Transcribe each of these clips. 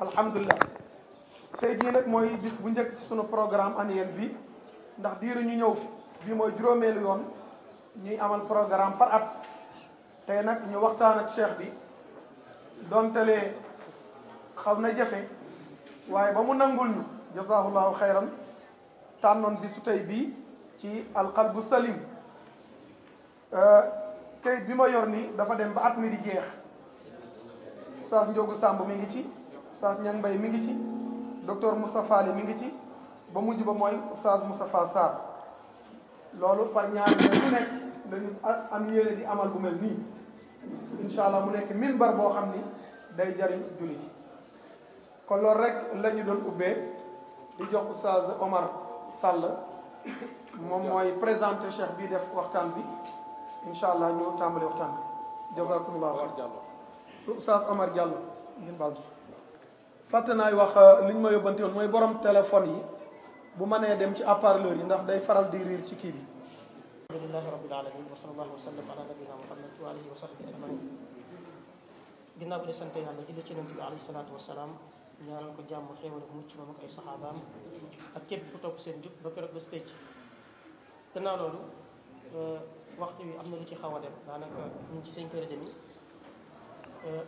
alhamdulilah tey jii nag mooy bis bu njëkk ci sunu programme annuel bi ndax diiru ñu ñëw fi bi mooy juróomeelu yoon ñuy amal programme par at tey nag ñu waxtaan ak cheikh bi dontalee xaw na jafe waaye ba mu nangul ñu jazahullahu xayran tànnoon bi su tey bii ci alqalbu salim euh, kayit bi ma yor ni dafa dem ba at mi di jeex Oustaz Njogu Sàmb mi ngi ci Oustaz Niang Mbaye mi ngi ci docteur Moustapha Ali mi ngi ci ba mujj ba mooy Oustaz Moustapha Sarr loolu par ñaar bu nekk dañu am yéene di amal bu mel nii incha allah mu nekk minbar boo xam ni day jariñ julli kon loolu rek la doon ubbee di jox Oustaz Omar Sall moom mooy présenté cheikh bii def waxtaan bi incha allah ñu tàmbali waxtaan bi jazakumullahu xayr Oustaz Omar Diallo ngeen baal fàtte naay wax euh, li ñu ma yóbbante mooy borom téléphone yi bu mënee dem ci haut-parleur yi ndax day faral di riir ci kii bi alhamdulillahi rabbil alamin wa sallallahu wa sallam na nabina muhammad wa alihi wa sahbihi ajmain ginnaaw bi di sant yàlla julli ci nabi bi alayhi salaatu wasalaam ñaanal ko jàmm xéewal ak mucc moom ak ay saxaabaam ak képp ku topp seen jub ba keroog ba stéj gannaaw loolu euh, waxtu wi am na lu ci xaw a dem daanaka ñu ci seen kër jëmi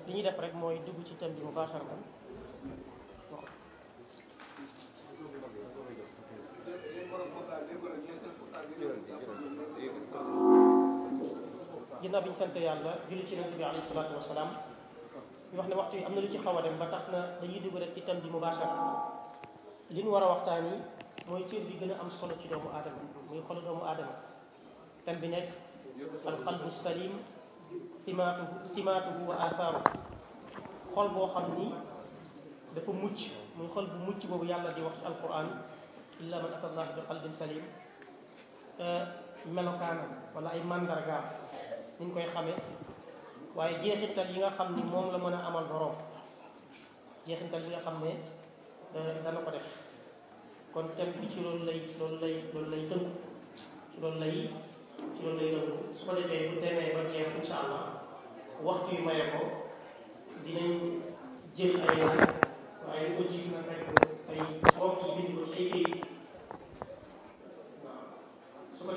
li ñuy def rek mooy dugg ci thème bi mu baaxar ginnaaw bi ñu sant yàlla julli ci yonent bi alayhi salaatu wasalaam ñu wax ne waxtu yi am na lu ci xaw a dem ba tax na dañuy dugg rek itam bi mubaasara li ñu war a waxtaan yi mooy cër bi gën am solo ci doomu aadama muy xolu doomu aadama tam bi nekk alqalbu salim simaatuhu simaatuhu wa athaaru xol boo xam ni dafa mucc muy xol bu mucc boobu yàlla di wax ci alquran illa man atallah bi qalbin salim melokaanam wala ay mandargaam niñ koy xamee waaye jeexintal yi nga xam ni moom la mën a amal borom jeexintal yi nga xam ne euh, dana ko def kon thème bi ci loolu lay loolu lay loolu ci loolu lay ci loolu lay tënku su ko defee bu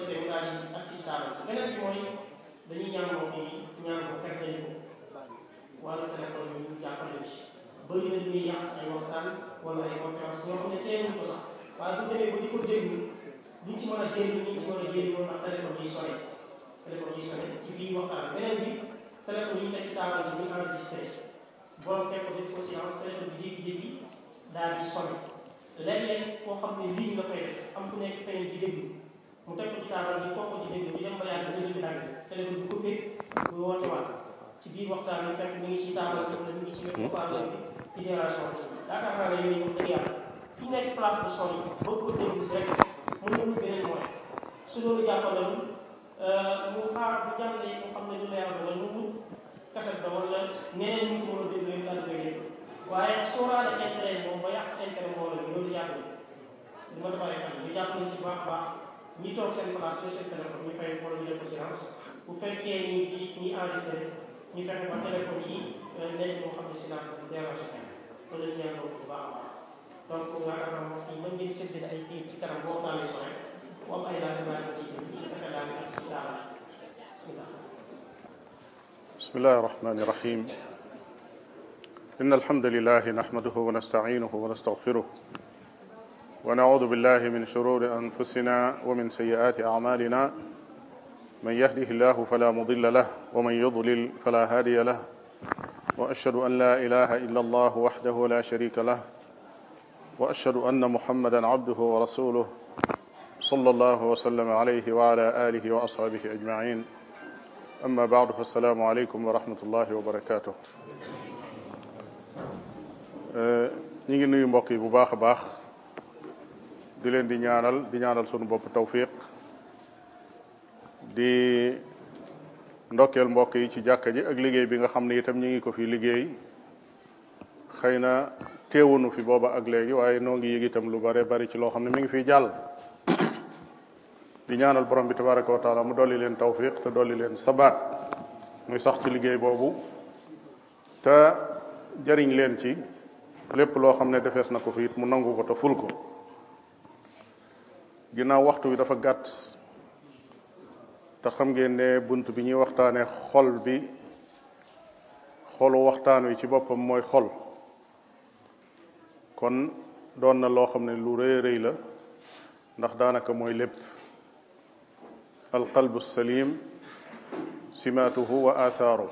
di ak si taaral beneen bi dañuy ñaan mbokk ñaan ko fekk nañu ko wala ñu jàppale ci bëri na ñuy ay waxtaan wala ay conférence yoo xam ne teewuñ ko sax waaye bu demee ba di ko déglu duñ ci mën a jëriñ ñu ci mën a jëriñoo ndax téléphone yi sore téléphone yi sore ci biir waxtaan beneen bi téléphone yi nekk taabal bi ñu enregistré borom teg ko def ko silence téléphone bi jékki-jékki daal di sore léeg-léeg xam ne lii nga koy def am ku nekk feneen mu teg ko ci taabal ji foofu ci dégg ñu dem ba yàgg réseau bi dagg téléphone bi coupé mu woote waat ci biir waxtaan bi fekk mi ngi ci taabal bi mu ngi ci wér parle hmm? bi fédération yaakaar naa ne yooyu wax dëgg yàlla fu nekk place bu sori boo ko déglu rek mën na wut beneen mooy su loolu jàppandal euh, mu xaar bu jàllee mu xam ne lu leer la mu wut kaset ba wala ñeneen ñu ko mën a dégloo daal koy déglu waaye sóoraale intérêt moom ba yàq intérêt moom la loolu jàpp li ma dafa lay xam ne jàpp nañ ci baax a baax ñi toog seen place ñoo seen téléphone ñu fay foofu ñu def ko silence bu fekkee ñi fi ñi enregistré ñu fexe ba téléphone yi euh, nekk moo xam ne silence bi dérangé na loolu la ñu ñaan bu baax a baax donc yaakaar naa wax yi mën ngeen séddale ay kii ci kanam boo daal di sore bu am ay laaj yu baax ci su fexe daal di ak si daal bismillah bismillahi rahmani rahim إن الحمد لله نحمده ونستعينه ونستغفره ونعوذ بالله من شرور أنفسنا ومن سيئات أعمالنا من يهده الله فلا مضل له ومن يضلل فلا هادي له وأشهد أن لا إله إلا الله وحده لا شريك له وأشهد أن محمدا عبده ورسوله صلى الله وسلم عليه وعلى آله وأصحابه أجمعين أما بعد فالسلام عليكم ورحمة الله وبركاته ñu ngi nuyu mbokk yi bu baax a baax di leen di ñaanal di ñaanal sunu bopp tawfiq di ndokkeel mbokk yi ci jàkka ji ak liggéey bi nga xam ne itam ñu ngi ko fi liggéey xëy na teewunu fi booba ak léegi waaye noo ngi itam lu bare bari ci loo xam ne mu ngi fi jàll di ñaanal borom bi tabaraka wa taala mu dolli leen tawfiq te dolli leen sabaat muy sax ci liggéey boobu te jariñ leen ci lépp loo xam ne defees na ko fi it mu nangu ko te ful ko ginnaaw waxtu wi dafa gàtt te xam ngeen ne bunt bi ñuy waxtaanee xol bi xolu waxtaan wi ci boppam mooy xol kon doon na loo xam ne lu rëy rëy la ndax daanaka mooy lépp alqalbu salim simaatuhu wa athaaru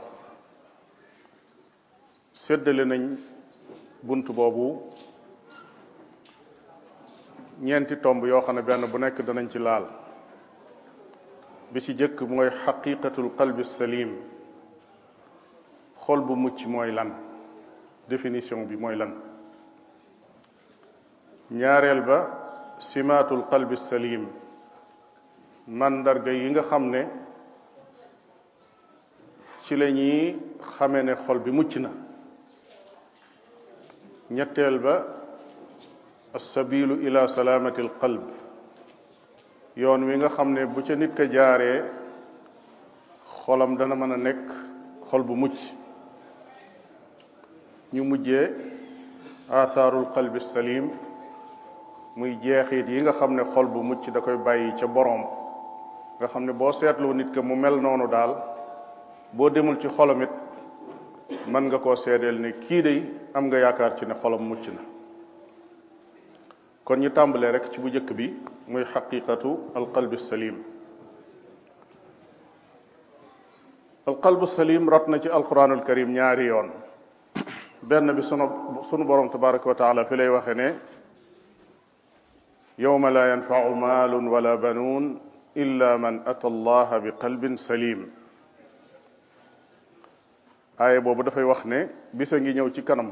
séddale nañ bunt boobu ñeenti tomb yoo xam ne benn bu nekk danañ ci laal bi ci jëkk mooy xaqiqatul qalbi salim xol bu mucc mooy lan définition bi mooy lan ñaareel ba simaatul qalbi salim màndarga yi nga xam ne ci la ñuy xame ne xol bi mucc na ñetteel ba assabilu ila salaamati alqalb yoon wi nga xam ne bu ca nit ka jaaree xolom dana mën a nekk xol bu mucc ñu mujjee aathaarul qalbi saliim muy jeexit yi nga xam ne xol bu mucc da koy bàyyi ca boroom nga xam ne boo seetloo nit ka mu mel noonu daal boo demul ci xolam it mën nga koo seedeel ne kii day am nga yaakaar ci ne xolom mucc na kon ñi tàmbalee rek ci bu njëkk bi muy xaqiqatu alqalbu salim alqalbu salim rot na ci alquranul karim ñaari yoon benn bi sunu sunu borom tabaraka wa fi lay waxe ne yowma la yanfau maalun wala banuun illa man ata allaha bi qalbin salim aaye boobu dafay wax ne bisa ngi ñëw ci kanam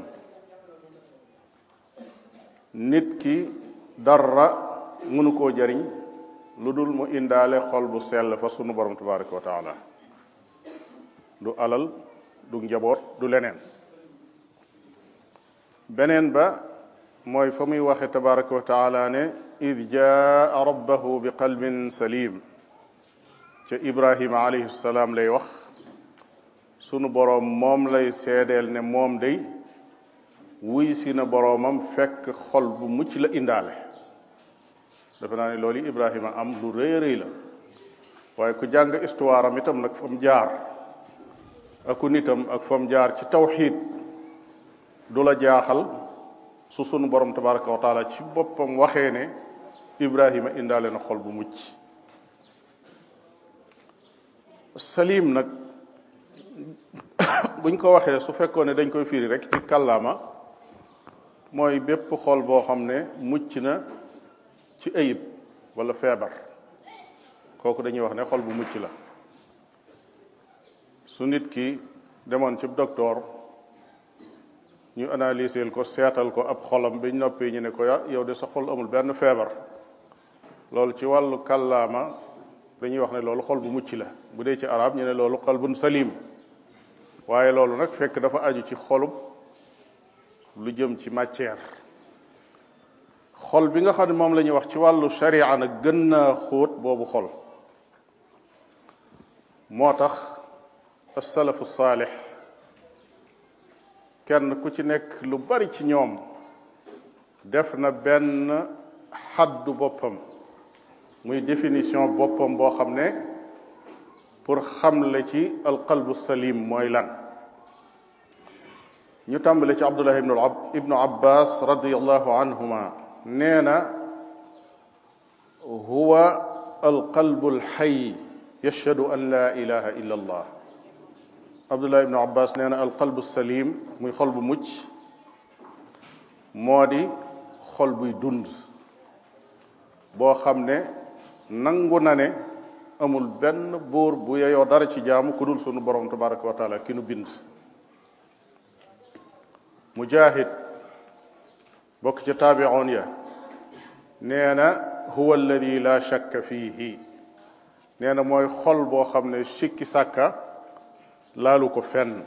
nit ki dara mënu koo jariñ lu dul mu indaale xol bu sell fa sunu borom tabaraka wa taala du alal du njaboot du leneen beneen ba mooy fa muy waxe tabaraka wa taala ne id jaa rabbahu bi qalbin salim ca ibrahima alayhi salaam lay wax sunu boroom moom lay seedeel ne moom day wuy si na boroomam fekk xol bu mucc la indaale defe naa ne loolu Ibrahima am lu rëy a rëy la waaye ku jàng histoire am itam nag fa jaar ak ku ak fa jaar ci tawxiid du la jaaxal su sunu borom tabaraka wa taala ci boppam waxee ne Ibrahima indaale na xol bu mucc salim nag buñ ko waxee su fekkoon ne dañ koy firi rek ci kàllaama mooy bépp xol boo xam ne mucc na. ci ayib walla feebar kooku dañuy wax ne xol bu mucc la su nit ki demoon cib docteur ñu analyser ko seetal ko ab xolam biñ noppee ñu ne ko ah, yow de sa xol amul benn feebar loolu ci wàllu kàllaama dañuy wax ne loolu xol bu mucc la bu dee ci arab ñu ne loolu bu qalbun salim waaye loolu nag fekk dafa aju ci xolub lu jëm ci matière xol bi nga xam ne moom lañuy wax ci wàllu sharia nag gën naa xóot boobu xol moo tax asalafu saalix kenn ku ci nekk lu bari ci ñoom def na benn xaddu boppam muy définition boppam boo xam ne pour xamle ci alqalbu salim mooy lan ñu tàmbale ci abdullah ibnu abbas radiallahu anhuma nee na huwa alqalbu alxay yashhadu an laa ilaha allah abdullah ibnu abbas nee na alqalbu muy xol bu mucc moo di xol buy dund boo xam ne nangu na ne amul benn buur bu yeyoo dara ci jaamu ku dul sunu borom tabaraka wa taala ki bind mujahid bokk ci taabi'un ya nee na huwa alladi la shakka fiihi nee na mooy xol boo xam ne sikki sàkka laalu ko fen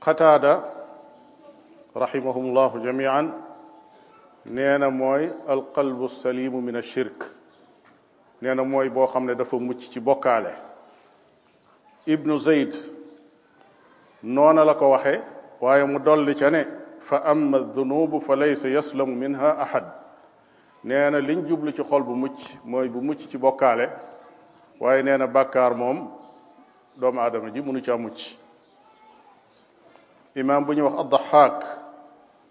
qataada rahimahum llahu jamian nee na mooy alqalbu salimu min ashirk nee mooy boo xam ne dafa mucc ci bokkaale ibnu zeyd noona la ko waxe waaye mu dolli ca ne fa amma dunubu fa laysa yaslamu minha ahad nee na liñ jublu ci xol bu mucc mooy bu mucc ci bokkaale waaye nee na bàkkaar moom doomu aadama ji mënu caa mucc imaam bu ñuy wax addaxaak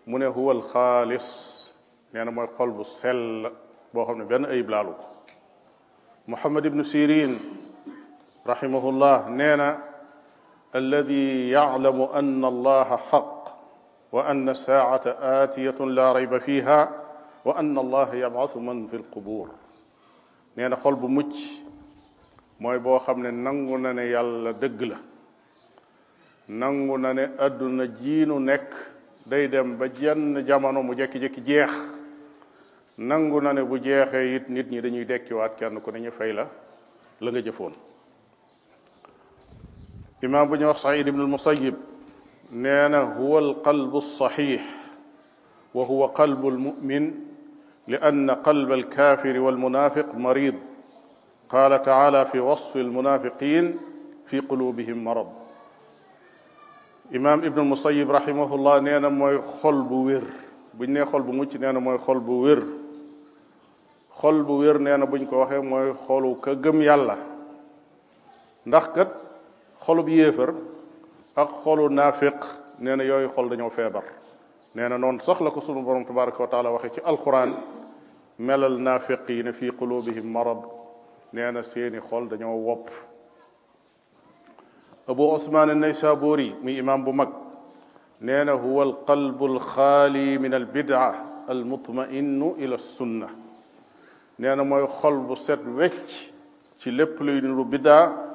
mu ne huwa alxaalis nee na mooy xol bu sell boo xam ne benn ayib laalu ko muhammad ibnu sirin rahimahullah nee na alladi yaclamu anna allaha xaq wa anna saacata aatiyatun laa rayba fiha wa anna allaha yabcasu man fi lqubuur nee na xol bu mucc mooy boo xam ne nangu na ne yàlla dëgg la nangu na ne àdduna jiinu nekk day dem ba jenn jamono mu jekki-jekki jeex nangu na ne bu jeexee yit nit ñi dañuy dekkiwaat kenn ku ne ñu fay la la nga jëfoon imaam bu ñu wax saïd ibn al musayib nee na huwa alqalbu saxiix wa huwa qalbu almumin li anna qalba alkaafiri walmunaafiq marid qaala taala fi wasfi almunaafiqin fi qulubihim marad imaam ibnu musayib rahimahullah nee na mooy xol bu wér buñ nee xol bu mucc nee na mooy xol bu wér xol bu wér nee na buñ ko waxee mooy xolu ka gëm yàlla ndax kat xolub yéefar ak xolu naafiq nee na yooyu xol dañoo feebar nee na noonu sax la ko sunu borom tabaraka wa taala waxee ci alquran melal naafiq yi ne fii qulubihim marad nee na seeni xol dañoo wopp abu osmaan naysaburi muy imam bu mag nee na huwa alqalbu alxaali min albida almutmainu ila sunna nee mooy xol set wecc ci lépp luy niru bidaa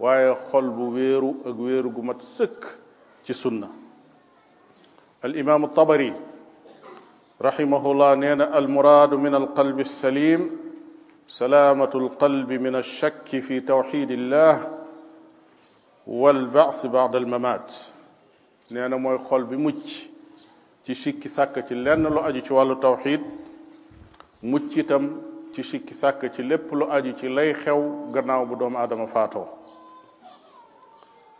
waaye xol bu wéeru ak wéeru gu mat sëkk ci sunna al imaamu tabari rahimahullah nee na al muraadu min al qalbi salim salaamatu al qalbi min al shakki fi tawxidillah wal baas baad al mamaat nee na mooy xol bi mucc ci sikki sàkk ci lenn lu aju ci wàllu tawxid mucc itam ci sikki sàkk ci lépp lu aju ci lay xew gannaaw bu doomu aadama faato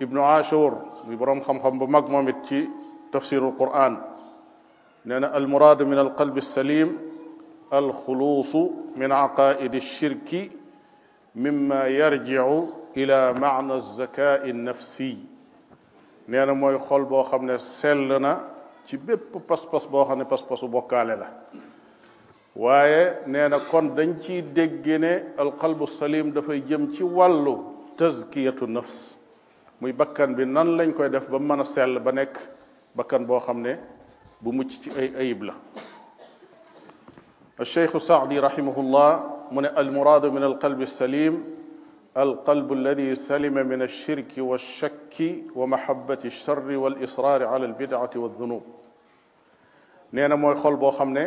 ibnu ashur bi boroom xam-xam bu mag moom it ci tafsirul quran nee na almuraadu min alqalbi salim alxuluusu min aqaidi alshirki mimma yarjiu ila maana zakai nafsiy nee na mooy xol boo xam ne sell na ci bépp pas-pas boo xam ne pas-pasu bokkaale la waaye nee na kon dañ ciy dégg ne alqalbu salim dafay jëm ci wàllu tazkiyatu nafs muy bakkan bi nan lañ koy def ba mën a sel ba nekk bakkan boo xam ne bu mucc ci ay ayib la الشيخ السعدي رحمه الله من المراد من القلب السليم القلب الذي سلم من الشرك والشك ومحبة الشر والإصرار على البدعة والذنوب نينا موي خول بو خامني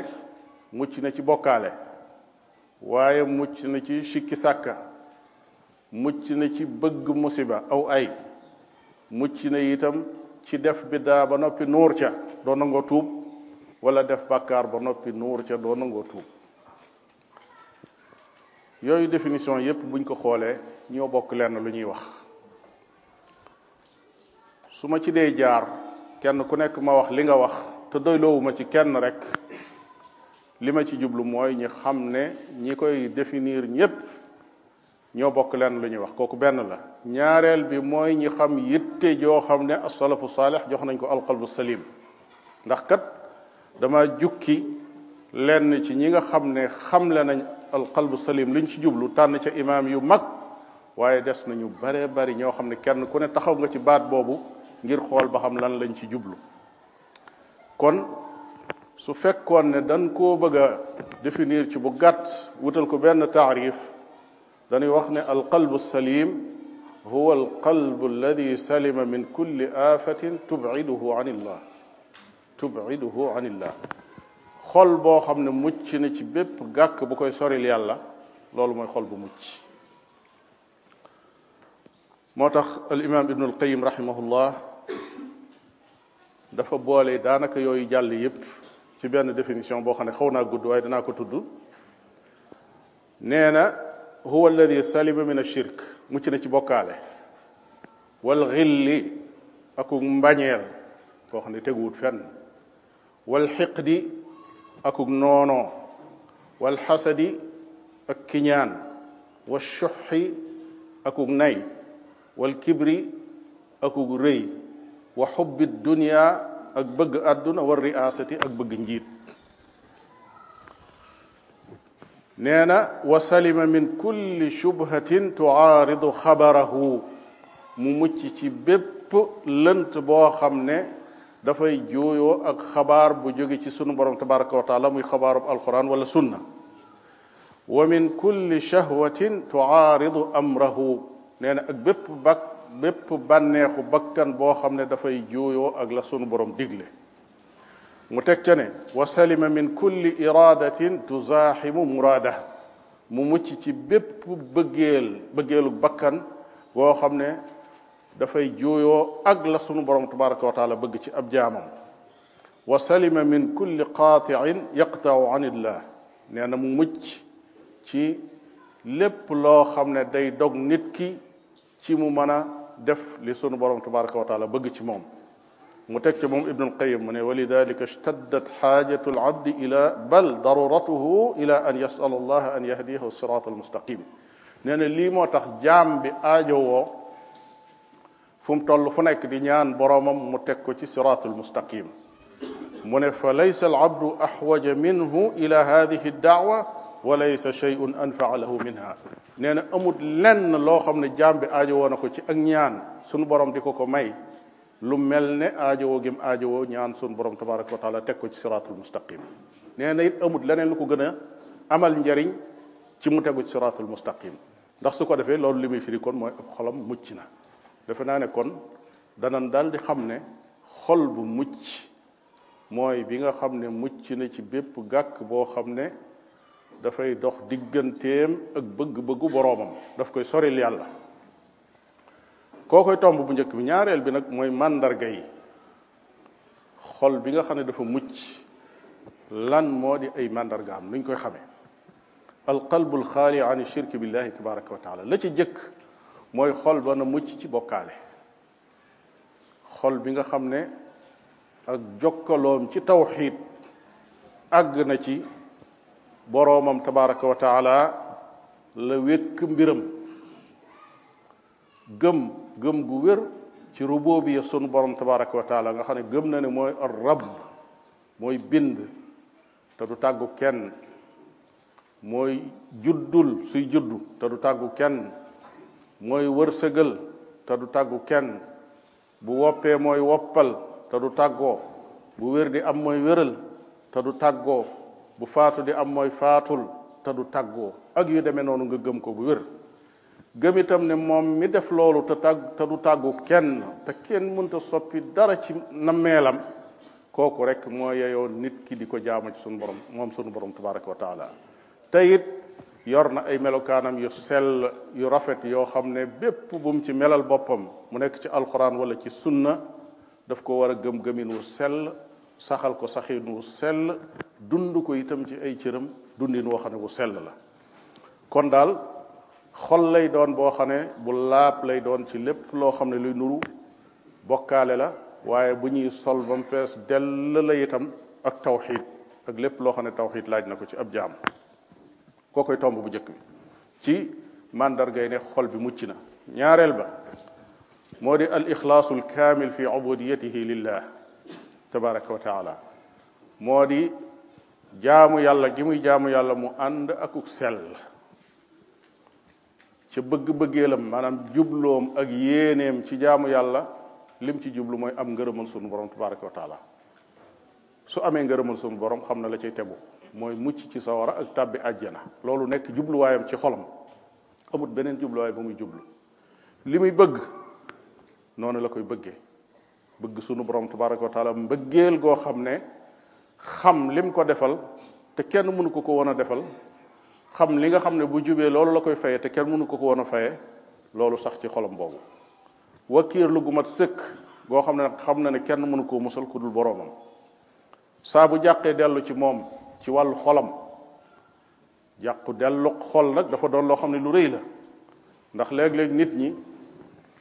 mucc na ci bokkaale waaye mucc na ci sikki sàkka mucc na ci bëgg musiba aw ay mucc na itam ci def biddaa ba noppi nuur ca doo nangoo tuub wala def bàkkaar ba noppi nuur ca doo nangoo tuub yooyu définition yépp buñ ko xoolee ñoo bokk lenn lu ñuy wax su ma ci dee jaar kenn ku nekk ma wax li nga wax te doyloowuma ci kenn rek li ma ci jublu mooy ñi xam ne ñi koy definiir ñépp ñoo bokk lenn lu ñuy wax kooku benn la ñaareel bi mooy ñi xam yitte joo xam ne asalafu saalix jox nañ ko alqalbu salim ndax kat dama jukki lenn ci ñi nga xam ne xamle nañ alqalbu salim liñ ci jublu tànn ca imaam yu mag waaye des nañu bare bari ñoo xam ne kenn ku ne taxaw nga ci baat boobu ngir xool ba xam lan lañ ci jublu kon su fekkoon ne dañ ko bëgg a définir ci bu gàtt wutal ko benn taarif dañuy wax ne alqalbu salim huwa alqalbu alladi salima min kulli aafatin tubiduhu an illah tubiduhu an illah xol boo xam ne mucc na ci bépp gàkk bu koy soril yàlla loolu mooy xol bu mucc moo tax alimam ibnu alqayim rahimahullah dafa boole daanaka yooyu jàll yépp ci benn définition boo xam ne xaw naa gudd waaye danaa ko tudd nee na huwa alladi saliba min ashirk mucc na ci bokkaale wal xilli aku mbañeel koo xam ne teguwut fenn wal xiqdi akuk noonoo wal xasadi ak kiñaan wal suxi akuk nay wal kibri akuk rëy wa xubbi dunia ak bëgg àdduna war riasati ak bëgg njiit nee na wa salima min kulli shubhatin tuaaridu xabarahu mu mucc ci bépp lënt boo xam ne dafay jooyoo ak xabaar bu jóge ci sunu borom tabaraka wa taala muy xabaarub alquran wala sunna wa min kulli shahwatin tuaaridu amrahu nee na ak bépp bak bànneexu bakkan boo xam ne dafay jooyoo ak la sunu borom digle mu teg ca ne wa salima min kulli iradatin tuzaaximu muraada mu mucc ci bépp bëggeel bëggeelu bakkan boo xam ne dafay juuyoo ak la sunu borom tabaraka wa taala bëgg ci ab jaamam wa salima min kulli qaatiin yaqtau an illah nee na mu mucc ci lépp loo xam ne day dog nit ki ci mu mën a def li sunu borom tabaraka wa taala bëgg ci moom mu teg ci moom ibnul qayim mu ne wa lidalika ishtaddat xaajatu alabdi ila bal daruratuhu ila an yasala allah an yahdiyahu sirata almustaqim nee na lii moo tax jaam bi aajowoo fu mu toll fu nekk di ñaan boroomam mu teg ko ci sirata almustaqim mu ne fa laysa alabdu axwaja minhu ila hadihi daawa wa laysa shay'un anfaa lahu minha nee na amut lenn loo xam ne jaam bi aajowoo na ko ci ak ñaan sunu borom di ko ko may lu mel ne aajowoo gim aajowoo ñaan sun borom tabaraka wa taala teg ko ci siraatul mustaqim nee na it amut leneen lu ko gën a amal njariñ ci mu tegu ci siraatul mustaqim ndax su ko defee loolu li muy firi kon mooy ab xolam mucc na defe naa ne kon danan daal di xam ne xol bu mucc mooy bi nga xam ne mucc na ci bépp gàkk boo xam ne dafay dox digganteem ak bëgg-bëggu boroomam daf koy soril yàlla koo koy tomb bu njëkk bi ñaareel bi nag mooy màndarga yi xol bi nga xam ne dafa mucc lan moo di ay màndargaam luñ koy xame alqalbu alxaali an shirki billahi tabaraka wa la ci jëkk mooy xol ba na mucc ci bokkaale xol bi nga xam ne ak jokkaloom ci tawxiid àgg na ci boroomam tabaraka wa la wékk mbiram gëm gëm gu wér ci ruboobiya sunu borom tabaraka wa taala nga xam ne gëm na ne mooy ar rab mooy bind te du tàggu kenn mooy juddul suy juddu te du tàggu kenn mooy wërsëgal te du tàggu kenn bu woppee mooy woppal te du tàggoo bu wér di am mooy wéral te du tàggoo bu faatu di am mooy faatul te du tàggoo ak yu demee noonu nga gëm ko bu wér gëm itam ne moom mi def loolu te tàgg te du tàggu kenn te kenn mënta soppi dara ci nammeelam kooku rek moo yeyoo nit ki di ko jaama ci sunu borom moom sunu borom tabaraka te it yor na ay melokaanam yu sell yu rafet yoo xam ne bépp bu ci melal boppam mu nekk ci alxuraan wala ci sunna daf ko war a gëm-gëmin wu sell saxal ko saxin wu sell dund ko itam ci ay cëram dundin woo xam ne wu sell la kon daal xol lay doon boo xam ne bu laab lay doon ci lépp loo xam ne luy nuru bokkaale la waaye bu ñuy sol ba mu fees dell la itam ak tawxiid ak lépp loo xam ne tawxiid laaj na ko ci ab jaam koo koy tomb bu njëkk bi ci mandargay ne xol bi mucc na ñaareel ba moo di al ixlaasu al kaamil fi ubudiyatihi lillah tabaraka wa taala moo di jaamu yàlla gi muy jaamu yàlla mu ànd akuk sel ca bëgg-bëggeelam maanaam jubloom ak yéeneem ci jaamu yàlla lim ci jublu mooy am ngërëmal sunu borom tabaraka wa su amee ngërëmal sunu borom xam na la cay tegu mooy mucc ci sawara ak tàbbi àjjana loolu nekk jubluwaayam ci xolam amut beneen jubluwaay bu muy jublu li muy bëgg noonu la koy bëgge bëgg sunu borom tabaraka wa taala mbëggeel goo xam ne xam lim ko defal te kenn mënu ko ko woon a defal xam li nga xam ne bu jubee loolu la koy faye te kenn mënu ko ko woon a faye loolu sax ci xolam boobu wakiir lu gu mat sëkk goo xam ne xam na ne kenn mënu koo musal ku dul boroomam saa bu dellu ci moom ci wàllu xolam jàqu dellu xol nag dafa doon loo xam ne lu rëy la ndax léeg nit ñi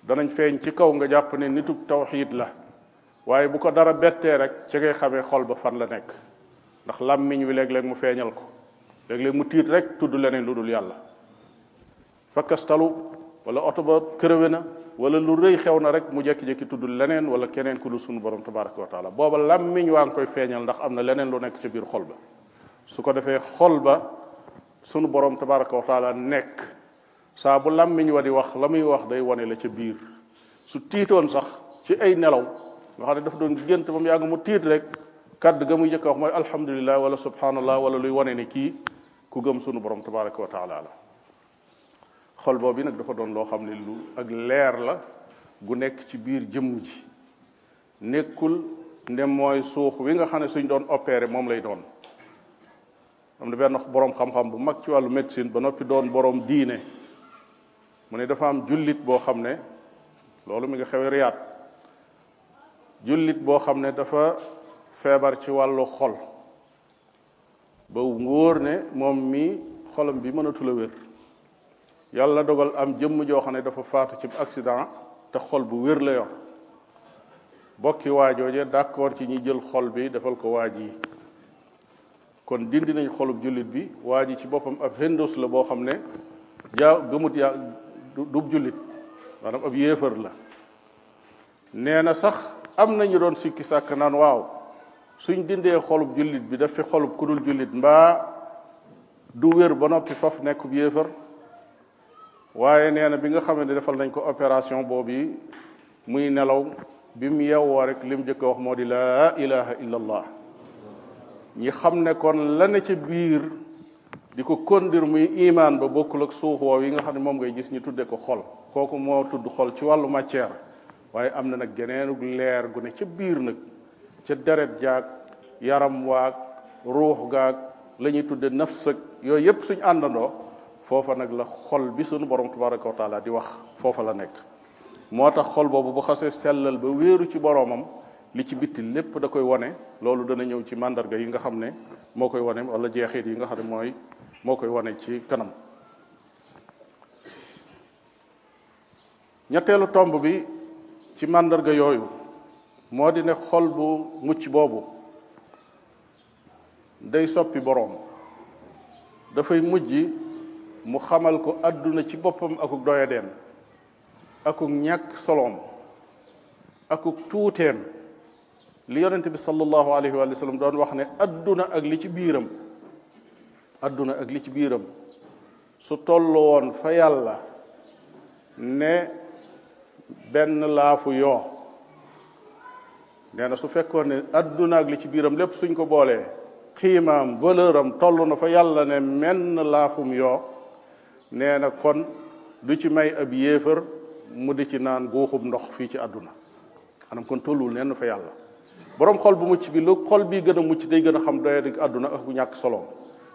danañ feeñ ci kaw nga jàpp ne nituk tawxiid la waaye bu ko dara bettee rek ci xamee xol ba fan la nekk ndax làmmiñ wi léeg-léeg mu feeñal ko léeg-léeg mu tiit rek tudd leneen lu dul yàlla fakkastalu wala oto ba kërëwe na wala lu rëy xew na rek mu jekki-jekki tudd leneen wala keneen ku lu sunu borom tabaraka wa taala booba làmmiñ waa ngi koy feeñal ndax am na leneen lu nekk ci biir xol ba su ko defee xol ba sunu borom tabaraka wa taala nekk saabu bu làmmiñ wa di wax la muy wax day wane la ca biir su tiitoon sax ci ay nelaw nga xam ne dafa doon gént ba mu yàgg mu tiit rek kàddu ga muy jëkk wax alhamdulilah wala subhanallah wala luy wane ne kii ku gëm sunu borom tabaraka wa taala la xol boobu nag dafa doon loo xam ne lu ak leer la gu nekk ci biir jëmm ji nekkul ne mooy suux wi nga xam ne suñ doon opéré moom lay doon am na benn borom xam bu mag ci wàllu médecine ba noppi doon borom diine mu ne dafa am jullit boo xam ne loolu mi nga xewe riyaat jullit boo xam ne dafa feebar ci wàllu xol ba wóor ne moom mii xolom bi mënatul a wér yàlla dogal am jëmm joo xam ne dafa faatu ci accident te xol bu wér la yor bokki waajooje d'accord ci ñu jël xol bi defal ko waaj yi kon dindi nañ xolub jullit bi waa ji ci boppam ab hindus la boo xam ne jaa gëmut du dub jullit maanaam ab yéefar la nee na sax am nañu doon sikki sàkk naan waaw suñ dindee xolub jullit bi daf fi xolub ku dul jullit mbaa du wér ba noppi faf nekkub yéefar waaye nee na bi nga xamante ne defal nañ ko opération boobu yi muy nelaw bi mu yeewoo rek li mu jëkk wax moo di laa ilaha illa allah ñi xam ne kon la ne ca biir di ko kondir muy imaan ba bokkul ak suux woow yi nga xam ne moom ngay gis ñu tuddee ko xol kooku moo tudd xol ci wàllu matière waaye am na nag geneenug leer gu ne ca biir nag ca deret jaag yaram waag ruux gaag lañuy ñuy tudde nafs yooyu yépp suñ àndandoo foofa nag la xol bi suñ borom tabaraka wa di wax foofa la nekk moo tax xol boobu bu xasee sellal ba wéeru ci boromam li ci bitti lépp da koy wane loolu dana ñëw ci màndarga yi nga xam ne moo koy wone wala jeexit yi nga xam ne mooy moo koy wane ci kanam ñetteelu tomb bi ci màndarga yooyu moo di ne xol bu mucc boobu day soppi boroom dafay mujj mu xamal ko àdduna ci boppam akuk doyadeem akuk ñàkk soloom akuk tuuteem li yonente bi sallallahu alayhi wa sallam doon wax ne àdduna ak li ci biiram àdduna ak li ci biiram su tollu woon fa yàlla ne benn laafu yoo nee na su fekkoon ne adduna ak li ci biiram lépp suñ ko boolee xiimaam valeur am toll na fa yàlla ne menn laafum yoo nee na kon du ci may ab yéefar mu di ci naan guuxub ndox fii ci àdduna maanaam kon tolluwul nenn fa yàlla boroom xol bu mucc bi lu xol bi gën a mucc day gën a xam doye àdduna ak bu ñàkk soloom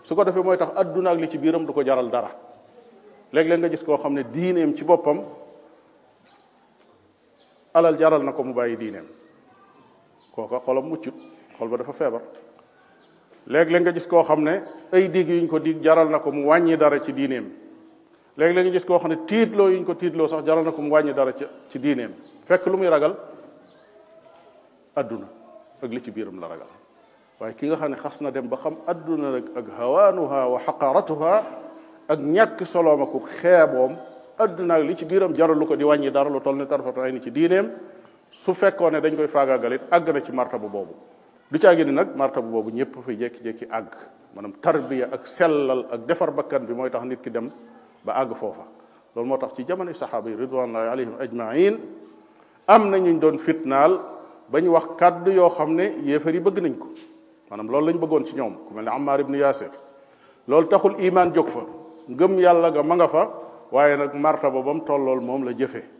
su ko defee mooy tax àdduna li ci biiram du ko jaral dara léeg leen nga gis koo xam ne diineem ci boppam alal jaral na ko mu bàyyi diineem kooka xolam muccut xol ba dafa feebar léeg-léeg nga gis koo xam ne ay digg yuñ ko dig jaral na ko mu wàññi dara ci diineem léeg-léeg nga gis koo xam ne tiitloo yuñ ko tiitloo sax jaral na ko mu wàññi dara ci diineem fekk lu muy ragal adduna ak li ci biiram la ragal waaye ki nga xam ne xas na dem ba xam adduna nag ak hawaanuha wa xaqaratuha ak ñàkk soloom aku xeeboom adduna ak li ci biiram jaralu ko di wàññi dara lu toll ne tarfatu ay ni ci diineem su fekkoon ne dañ koy faagaagalit àgg na ci martaba boobu du caagi ni nag martaba boobu ñëpp fay jékki-jékki àgg maanaam tarbiya ak sellal ak defar bakkan bi mooy tax nit ki dem ba àgg foofa loolu moo tax ci jamono saxaaba yi ridwanullahi alayhim ajmain am na ñuñ doon fitnaal ba ñu wax kàddu yoo xam ne yéefar yi bëgg nañ ko maanaam loolu lañ bëggoon ci ñoom ku mel ne Ammar ibn Yasir loolu taxul iman jóg fa ngëm yàlla ga ma nga fa waaye nag martaba ba mu tollool moom la jëfee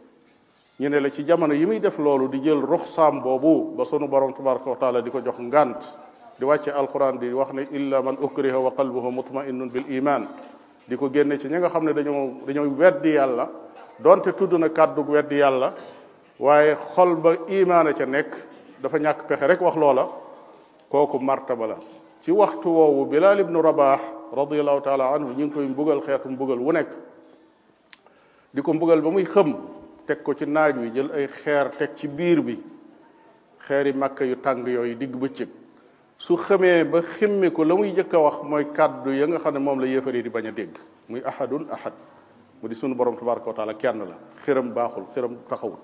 ñu ne la ci jamono yi muy def loolu di jël ruxsaam boobu ba sunu borom tabaraka wa taala di ko jox ngant di wàcce alquran di wax ne illa man ukriha wa qalbuhu mutmainnun bil imaan di ko génne ci ñi nga xam ne dañoo dañoo weddi yàlla donte tudd na kàddu weddi yàlla waaye xol ba imaana ca nekk dafa ñàkk pexe rek wax loola kooku martaba la ci waxtu woowu Bilaal ibnu Rabaax radiallahu taala anhu ñu ngi koy mbugal xeetu mbugal wu nekk di ko mbugal ba muy xëm teg ko ci naaj wi jël ay xeer teg ci biir bi xeer xeeri màkk yu tàng yooyu digg bëccëg su xamee ba ximmi ko la muy jëkk a wax mooy kàddu ya nga xam ne moom la yéefar di bañ a dégg muy ahadun ahad mu di sunu borom tabaraka wa taala kenn la xëram baaxul xëram taxawul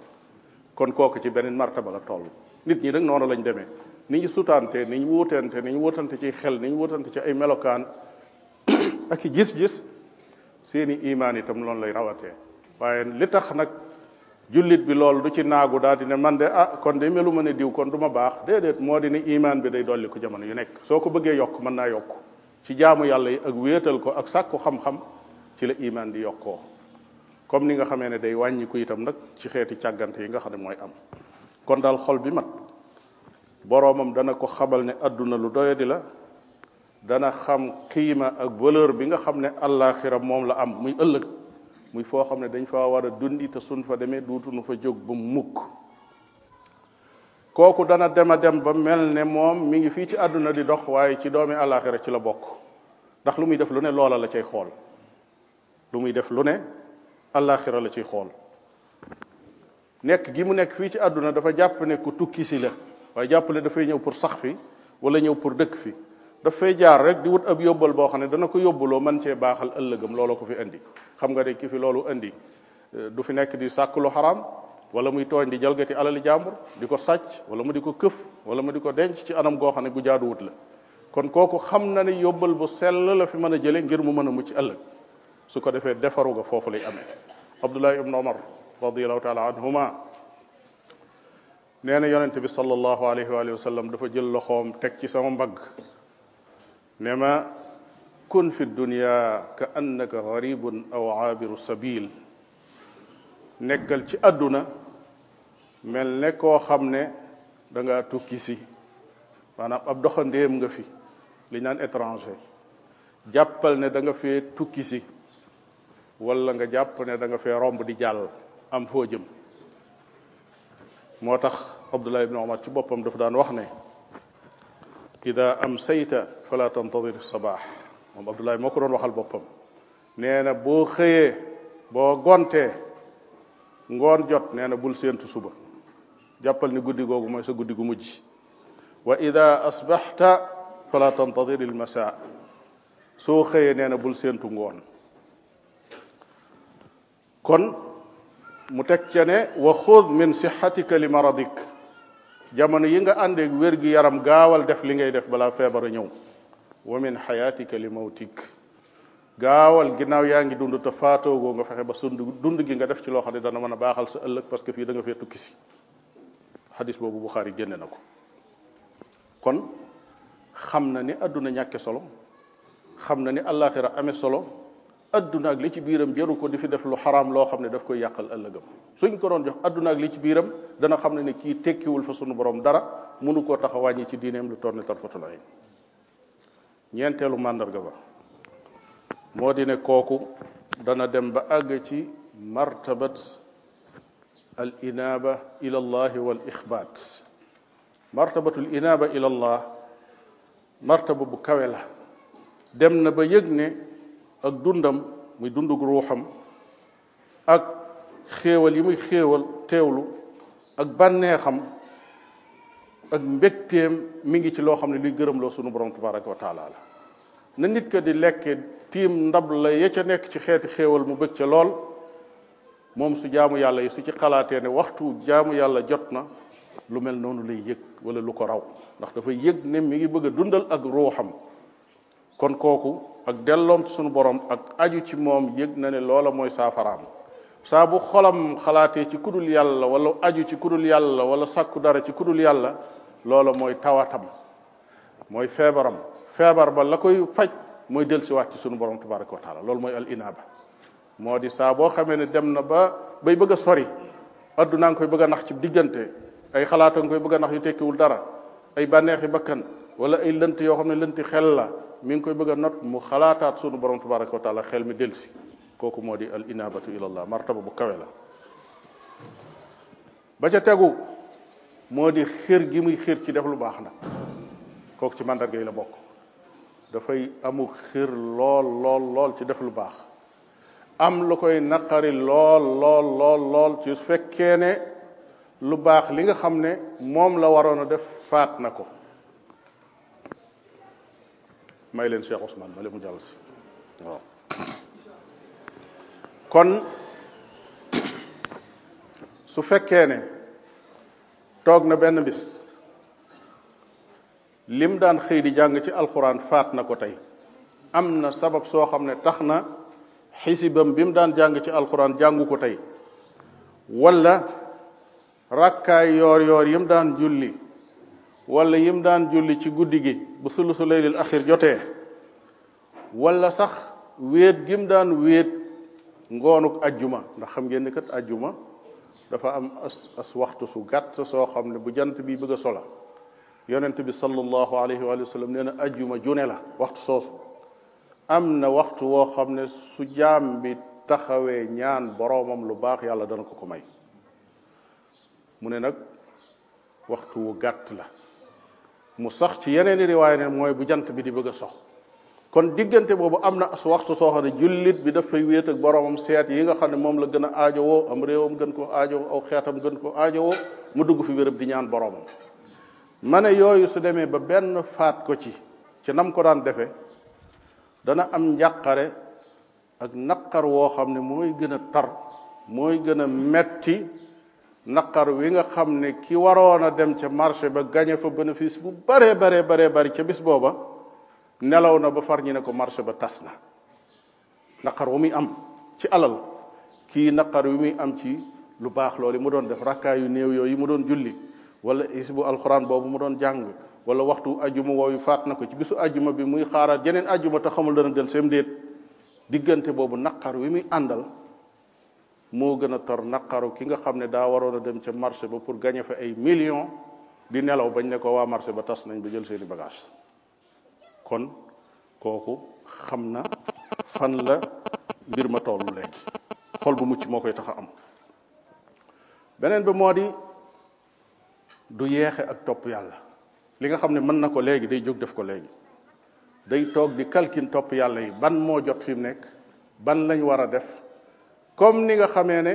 kon kooku ci beneen martaba la toll nit ñi dañ noonu lañ demee ni ñu sutaante ni ñu wuutante ni ñu wuutante ci xel ni ñu wuutante ci ay melokaan ak i gis-gis seeni imaan itam loolu lay rawatee jullit bi loolu du ci naagu daal di ne man de ah kon de melu ma ne diw kon du ma baax déedéet moo di ne imaan bi day dolli ko jamono yu nekk soo ko bëggee yokk mën naa yokk ci jaamu yàlla yi ak wéetal ko ak sàkku xam-xam ci la imaan di yokkoo comme ni nga xamee ne day wàññiku itam nag ci xeeti càggante yi nga xam ne mooy am kon daal xol bi mat boroomam dana ko xabal ne àdduna lu doyadi la dana xam xiima ak valeur bi nga xam ne àllaaxira moom la am muy ëllëg muy foo xam ne dañ fa war a dundi te suñ fa demee duutuñu fa jóg ba mukk kooku dana dem a dem ba mel ne moom mi ngi fii ci àdduna di dox waaye ci doomi àllaaxira ci la bokk ndax lu muy def lu ne loola la cay xool lu muy def lu ne àllaaxira la ciy xool nekk gi mu nekk fii ci àdduna dafa jàpp ne ku tukki si la waaye jàpp ne dafay ñëw pour sax fi wala ñëw pour dëkk fi daf fay jaar rek di wut ab yóbbal boo xam ne dana ko yóbbuloo man cee baaxal ëllëgam looloo ko fi indi xam nga de ki fi loolu indi eh, du fi nekk di sàkk xaram xaraam wala muy tooñ di jalgati alali jàmbur di ko sàcc wala mu di ko këf wala mu di ko denc ci anam goo xam ne gu wut la kon kooku xam na ne yóbbal bu sell la fi mën a jële ngir mu mën a mucc ëllëg su ko defee defaru nga foofu lay amee abdullahi ibnu omar radiallahu taala anhuma nee na yonente bi salallahu alayhi wa dafa jël loxoom teg ci sama mbagg nee ma kun fi dunya ka annaka garibun aw aabiru sabil nekkal ci àdduna mel ne koo xam ne danga tukki si maanaam ab doxandéem nga fi li naan étranger jàppal ne danga nga fee tukki si walla nga jàpp ne danga nga fee romb di jàll am foo jëm moo tax Abdullah ibn Omar ci boppam dafa daan wax ne ida amsayta fala tantadir sabaax moom Abdoulaye moo ko doon waxal boppam nee na boo xëyee boo gontee ngoon jot nee na bul séentu suba jàppal ni guddi googu mooy sa guddi gu mujj wa ida asbaxta fala tantadir il masa soo xëyee nee na bul séentu ngoon kon mu teg ca ne wa xud min sixatika li maradik jamono yi nga àndeek wér gi yaram gaawal def li ngay def balaa feebar a ñëw wa min xayaatika li mawtik gaawal ginnaaw yaa ngi dund te faatoogoo nga fexe ba sund dund gi nga def ci loo xam ne dana mën a baaxal sa ëllëg parce que fii da nga fee tukki si xadis boobu Buxaari génne na ko kon xam na ni àdduna ñàkke solo xam na ni àllaaxira amee solo adduna li ci biiram jaru ko di fi def lu xaraam loo xam ne daf koy yàqal ëllëgam suñ ko doon jox adduna li ci biiram dana xam ne ne kii tekkiwul fa sunu borom dara mënu koo tax wàññi ci diineem lu toll ne tarfatul ayn ñeenteelu màndarga ba moo dine kooku dana dem ba àgg ci martabat al inaaba ila allahi wal ixbaat martabatul inaaba ila martaba bu kawe la dem na ba yëg ne ak dundam muy dundug ruuxam ak xéewal yi muy xéewal xéewlu ak bànneexam ak mbégteem mi ngi ci loo xam ne luy gërëm loo sunu borom tabaraka wa la na nit ka di lekke tiim ndab la ya ca nekk ci xeeti xéewal mu bëgg ca lool moom su jaamu yàlla yi su ci xalaatee ne waxtu jaamu yàlla jot na lu mel noonu lay yëg wala lu ko raw ndax dafa yëg ne mi ngi bëgg a dundal ak ruuxam kon kooku ak delloom ci sunu borom ak aju ci moom yëg na ne loola mooy saafaraam saabu xolam xalaatee ci kudul yàlla wala aju ci kudul yàlla wala sàkku dara ci kudul yàlla loola mooy tawatam mooy feebaram feebar ba la koy faj mooy dellusiwaat ci sunu borom tabaraka wa taala loolu mooy al inaaba moo di saaboo xamee ne dem na ba bay bëgg a sori addunaa nga koy bëgg a nax ci diggante ay xalaata nga koy bëgg a nax yu tekkiwul dara ay bànneex bànneexi bakkan wala ay lënt yoo xam ne lënti xel la mi ngi koy bëgg a not mu xalaataat sunu borom tabaraka wa taala xel mi delsi kooku moo di al inabatu ilallah martaba bu kawe la ba ca tegu moo di xiir gi muy xiir ci def lu baax nag kooku ci mandarga yi la bokk dafay amul xër lool lool lool ci def lu baax am lu koy naqari lool lool lool lool ci fekkee ne lu baax li nga xam ne moom la waroon a def faat na ko may leen Cheikh Ousmane ma leen mu jàll si waaw kon su fekkee ne toog na benn bis lim daan xëy di jàng ci alxuraan faat na ko tey am na sabab soo xam ne tax na xisibam bi mu daan jàng ci alxuraan jàngu ko tey walla ràkkaay yoor yoor yi daan julli wala yim daan julli ci guddi gi bu su laylil axir jotee wala sax wéet gim daan wéet ngoonuk ajjuma ndax xam ngeen ni kat ajjuma dafa am as waxtu su gàtt soo xam ne bu jant bi bëgg a sola yonent bi sallallahu alayhi wa sallam nee na ajjuma june la waxtu soosu am na waxtu woo xam ne su jaam bi taxawee ñaan boroomam lu baax yàlla dana ko ko may mu ne nag waxtu wu gàtt la mu sax ci yeneen i riwaaya mooy bu jant bi di bëgg a sox kon diggante boobu am na as waxtu soo xam ne jullit bi dafay wéet ak boromam seet yi nga xam ne moom la gën a woo am réewam gën koo aajowoo aw xeetam gën ko aajowoo mu dugg fi béréb di ñaan boromam ma yooyu su demee ba benn faat ko ci ci nam ko daan defe dana am njàqare ak naqar woo xam ne mooy gën a tar mooy gën a metti naqar wi nga xam ne ki waroon a dem ca marché ba gañe fa bénéfice bu bare bare bare bari ca bis booba nelaw na ba far ñi ne ko marché ba tas na naqar wu muy am ci alal kii naqar wi muy am ci lu baax loolu mu doon def rakkaa yu néew yooyu mu doon julli wala is bu alxuraan boobu mu doon jàng wala waxtu ajjuma woowu faat na ko ci bisu ajjuma bi muy xaaral yeneen ajjuma te xamul dana del seem déet diggante boobu naqar wi muy àndal moo gën a tar naqaru ki nga xam ne daa waroon a dem ca marché ba pour gagner fa ay millions di nelaw bañ ne waa marché ba tas nañ ba jël seeni bagage kon kooku xam na fan la mbir ma toll léegi xol bu mucc moo koy tax a am beneen bi moo di du yeexe ak topp yàlla li nga xam ne mën na ko léegi day jóg def ko léegi day toog di kalkin topp yàlla yi ban moo jot fi mu nekk ban lañ war a def comme ni nga xamee ne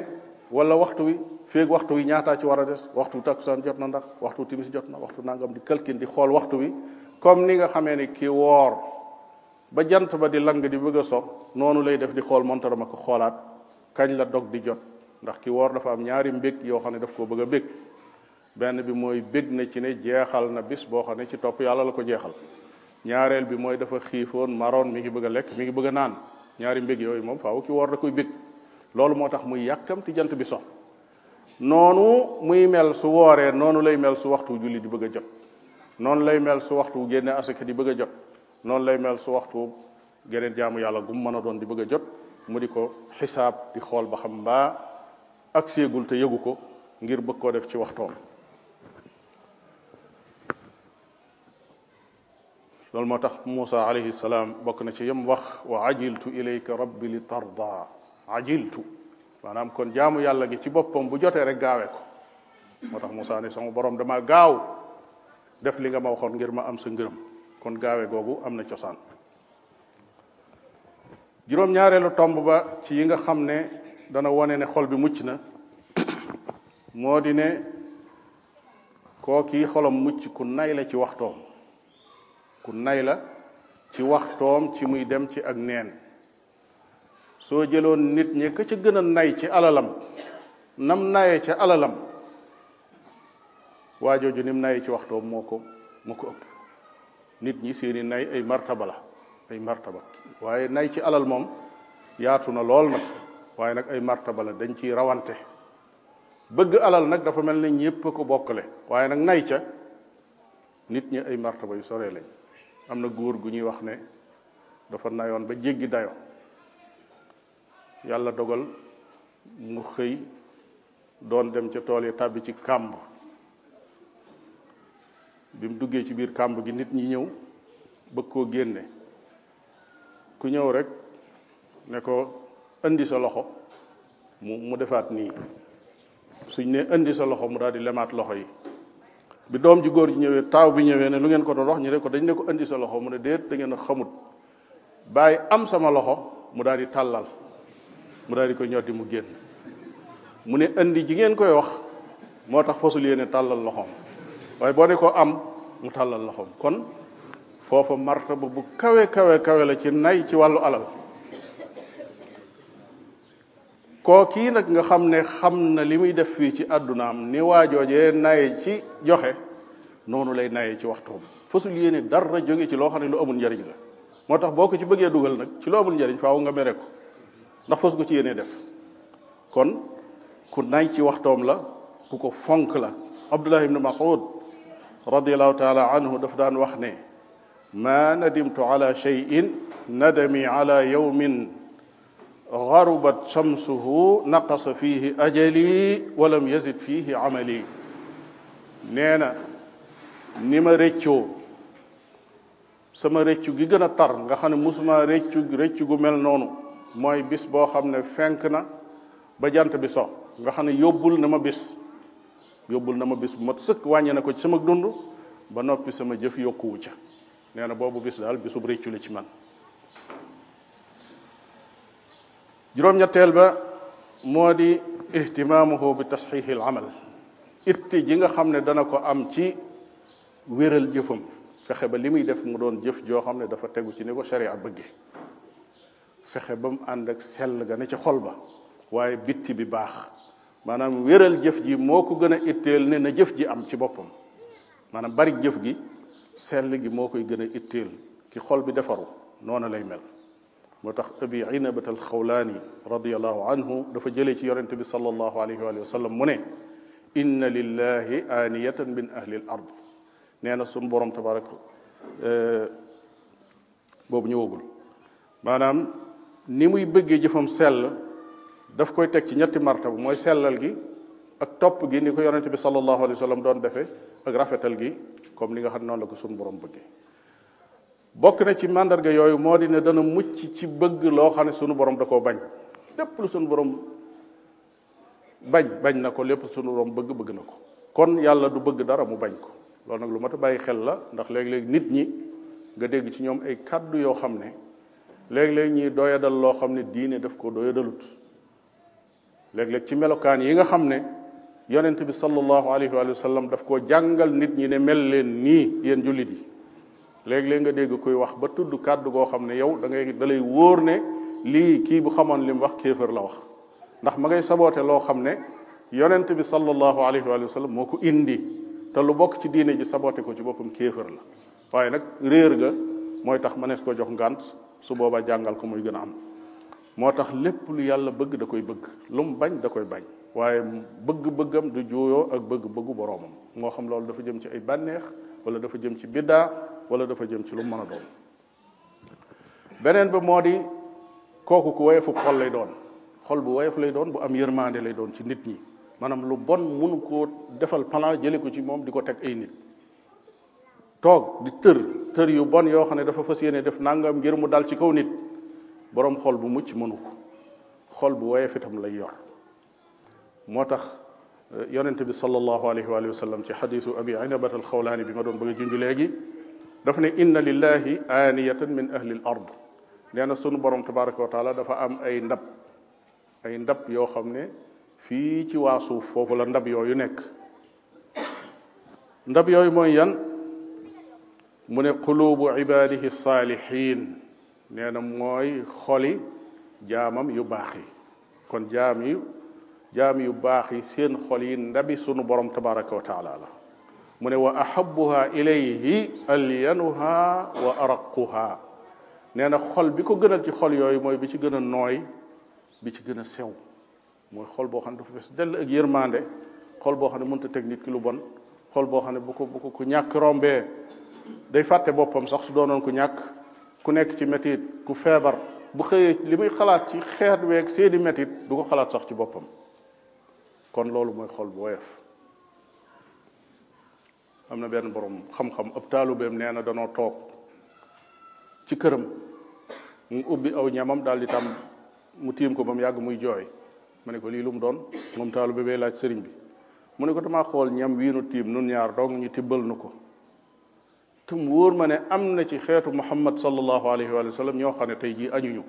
wala waxtu wi feeg waxtu wi ñaataa ci war a des waxtu takkusaan jot na ndax waxtu timis jot na waxtu nangam di kalkin di xool waxtu wi comme ni nga xamee ne ki woor ba jant ba di lang di bëgg a so noonu lay def di xool montaram ko xoolaat kañ la dog di jot ndax ki woor dafa am ñaari mbég yoo xam ne daf ko bëgg a bég benn bi mooy bég na ci ne jeexal na bis boo xam ne ci topp yàlla la ko jeexal ñaareel bi mooy dafa xiifoon maroon mi ngi bëgg a lekk mi ngi bëgg a naan ñaari mbég yooyu moom ki woor da koy bég loolu moo tax muy yàkkamti jant bi so noonu muy mel su wooree noonu lay mel su waxtu julli di bëgg a jot noonu lay mel su waxtu génne asaka di bëgg a jot noonu lay mel su waxtu geneen jaamu yàlla gu mu mën a doon di bëgg a jot mu di ko xisaab di xool ba xam mbaa ak te yëgu ko ngir bëgg koo def ci waxtoom loolu moo tax Muusa alayhi salaam bokk na ci yem wax wa ajiltu ilayka rabbi li tarda ajiltu maanaam kon jaamu yàlla gi ci boppam bu jotee rek gaawee ko moo tax Moussa ne sama boroom dama gaaw def li nga ma waxoon ngir ma am sa ngërëm kon gaawee googu am na cosaan juróom-ñaareelu tomb ba ci yi nga xam ne dana wone ne xol bi mucc na moo di ne koo ki xolam mucc ku nay la ci waxtoom ku nay la ci waxtoom ci muy dem ci ak neen soo jëloon nit ñi ka ca gën a nay ci alalam nam naye ca alalam waa jooju nim naye ci waxtoom moo ko moo ko ëpp nit ñi seeni nay ay martaba la ay martaba waaye nay ci alal moom yaatu na lool waaye nag ay martaba la dañ ciy rawante bëgg alal nag dafa mel ne ñépp a ko bokkale waaye nag nay ca nit ñi ay martaba yu soree lañ am na góor gu ñuy wax ne dafa nayoon ba jéggi dayo yàlla dogal mu xëy doon dem ca tool yi tàbbi ci kàmb bi mu duggee ci biir kàmb gi nit ñi ñëw bëgg koo génne ku ñëw rek ne ko indi sa loxo mu defaat nii suñ ne indi sa loxo mu daal di lemaat loxo yi bi doom ji góor ji ñëwee taaw bi ñëwee ne lu ngeen ko doon wax ñu ne ko dañ ne ko indi sa loxo mu ne déet dangeen a xamut bàyyi am sama loxo mu daal di tàllal mu daal di ko ñotti mu génn mu ne indi ji ngeen koy wax moo tax fasul yéene tàllal loxoom waaye boo ne koo am mu tàllal loxoom kon foofa martaba bu kawe kawe kawe la ci nay ci wàllu alal koo kii nag nga xam ne xam na li muy def fii ci àddunaam ni waajoojee naye ci joxe noonu lay naye ci waxtoom fasul yéene dara jóge ci loo xam ne lu amul njariñ la moo tax boo ko ci bëggee dugal nag ci lu amul njariñ faaw nga mere ko ndax fas ko ci yéene def kon ku nay ci waxtoom la ku ko fonk la abdullah ibnu masud radiallahu taala anhu daan wax ne ma nadimtu ala cheyin nadami ala yawmin garubat shamsuhu naqasa fihi ajali walam yazid fihi amali nee na ni ma rëccoo sama rëccu gi gën a tar nga xam ne musuma rëccu rëccu gu mel noonu mooy bis boo xam ne fenk na ba jant bi so nga xam ne yóbbul na ma bis yóbbul na ma bis bu mat sëkk wàññi na ko ci sama dund ba noppi sama jëf yokkuwu ca nee na boobu bis daal bisub réccu la ci man juróom-ñetteel ba moo di ihtimaamuhu bi tasxiixi al amal itti ji nga xam ne dana ko am ci wéral jëfam fexe ba li muy def mu doon jëf joo xam ne dafa tegu ci ni ko sharia bëgge fexe ba mu ànd ak sell ga ne ca xol ba waaye bitti bi baax maanaam wéral jëf ji moo ko gën a itteel ne na jëf ji am ci boppam maanaam bari jëf gi sell gi moo koy gën a itteel ki xol bi defaru noona lay mel moo tax abi inabat alxawlaani radiallahu anhu dafa jëlee ci yonente bi salallahu alayhi wa sallam mu ne inna lillahi aaniyatan min ahli l ard nee na suñu borom tabaraka eh, boobu ñëwagul maanaam ni muy bëggee jëfam sell daf koy teg ci ñetti martaba mooy sellal gi ak topp gi ni ko yonente bi sallallahu alayhi wa sallam doon defee ak rafetal gi comme li nga xam noonu la ko suñu borom bëggee bokk na ci mandarga yooyu moo di ne dana mucc ci bëgg loo xam ne sunu borom da koo bañ lépp lu sunu borom bañ bañ na ko lépp sunu borom bëgg bëgg na ko kon yàlla du bëgg dara mu bañ ko loolu nag lu mat a bàyyi xel la ndax léegi-léegi nit ñi nga dégg ci ñoom ay kàddu yoo xam ne léeg-léeg ñuy doyadal loo xam ne diine daf ko doyadalut léeg-léeg ci melokaan yi nga xam ne yonent bi sallallahu alayhi wa sallam daf koo jàngal nit ñi ne mel leen nii yéen jullit yi léeg-léeg nga dégg koy wax ba tudd kàddu goo xam ne yow da ngay da wóor ne lii kii bu xamoon li wax kéefër la wax ndax ma ngay saboote loo xam ne yonent bi sallallahu alayhi wa sallam moo ko indi te lu bokk ci diine ji saboote ko ci boppam kéefër la waaye nag réer ga mooy tax mënees ko jox ngant su boobaa jàngal ko muy gën a am moo tax lépp lu yàlla bëgg da koy bëgg lu mu bañ da koy bañ waaye bëgg-bëggam du juuyoo ak bëgg-bëggu boroomam moo xam loolu dafa jëm ci ay bànneex wala dafa jëm ci biddaa wala dafa jëm ci lu mu mën a doon beneen ba moo di kooku ku woyefu xol lay doon xol bu woyef lay doon bu am yërmaande lay doon ci nit ñi maanaam lu bon mënu koo defal plan jële ko ci moom di ko teg ay nit toog di tër tër yu bon yoo xam ne dafa fas yéene def nangam ngir mu dal ci kaw nit boroom xol bu mucc mënu ko xol bu woyof itam lay yor moo tax euh, yonente bi sallallahu alayhi wa sallam ci xadisu abi inabat alxawlaani bi ma doon bëgg a junj léegi dafa ne inna lillahi aaniyatan min ahli l ard nee na sunu boroom tabaraka wa taala dafa am ay ndab ay ndab yoo xam ne fii ci waa suuf foofu la ndab yooyu nekk ndab yooyu mooy yan mu ne qulubu ibadihi saalihin nee na mooy xoli jaamam yu baax yi kon jaam yu jaam yu baax yi seen xol yi ndabi sunu borom tabaraka wa taala mu ne wa ahabuha ilayhi alyanuha wa araquha nee na xol bi ko gënal ci xol yooyu mooy bi ci gën a nooy bi ci gën a sew mooy xol boo xam ne dafa fees dell ak yërmande xol boo xam ne mënta technique nit lu bon xol boo xam ne bu ko bu ñàkk rombee day fàtte boppam sax su doonoon ku ñàkk ku nekk ci métit ku feebar bu xëyee li muy xalaat ci xeet week seeni métit du ko xalaat sax ci boppam kon loolu mooy xol bu woyof am na benn boroom xam-xam ab taalubeem nee na danoo toog ci këram mu ubbi aw ñamam daal di tam mu tiim ko ba mu yàgg muy jooy mu ne ko lii lu mu doon moom taalube bee laaj sëriñ bi mu ne ko damaa xool ñam nu tiim nun ñaar dong ñu tibbal nu ko te mu wóor ma ne am na ci xeetu muhammad sallallahu alayhi wa sallam ñoo xam ne tey jii añuñu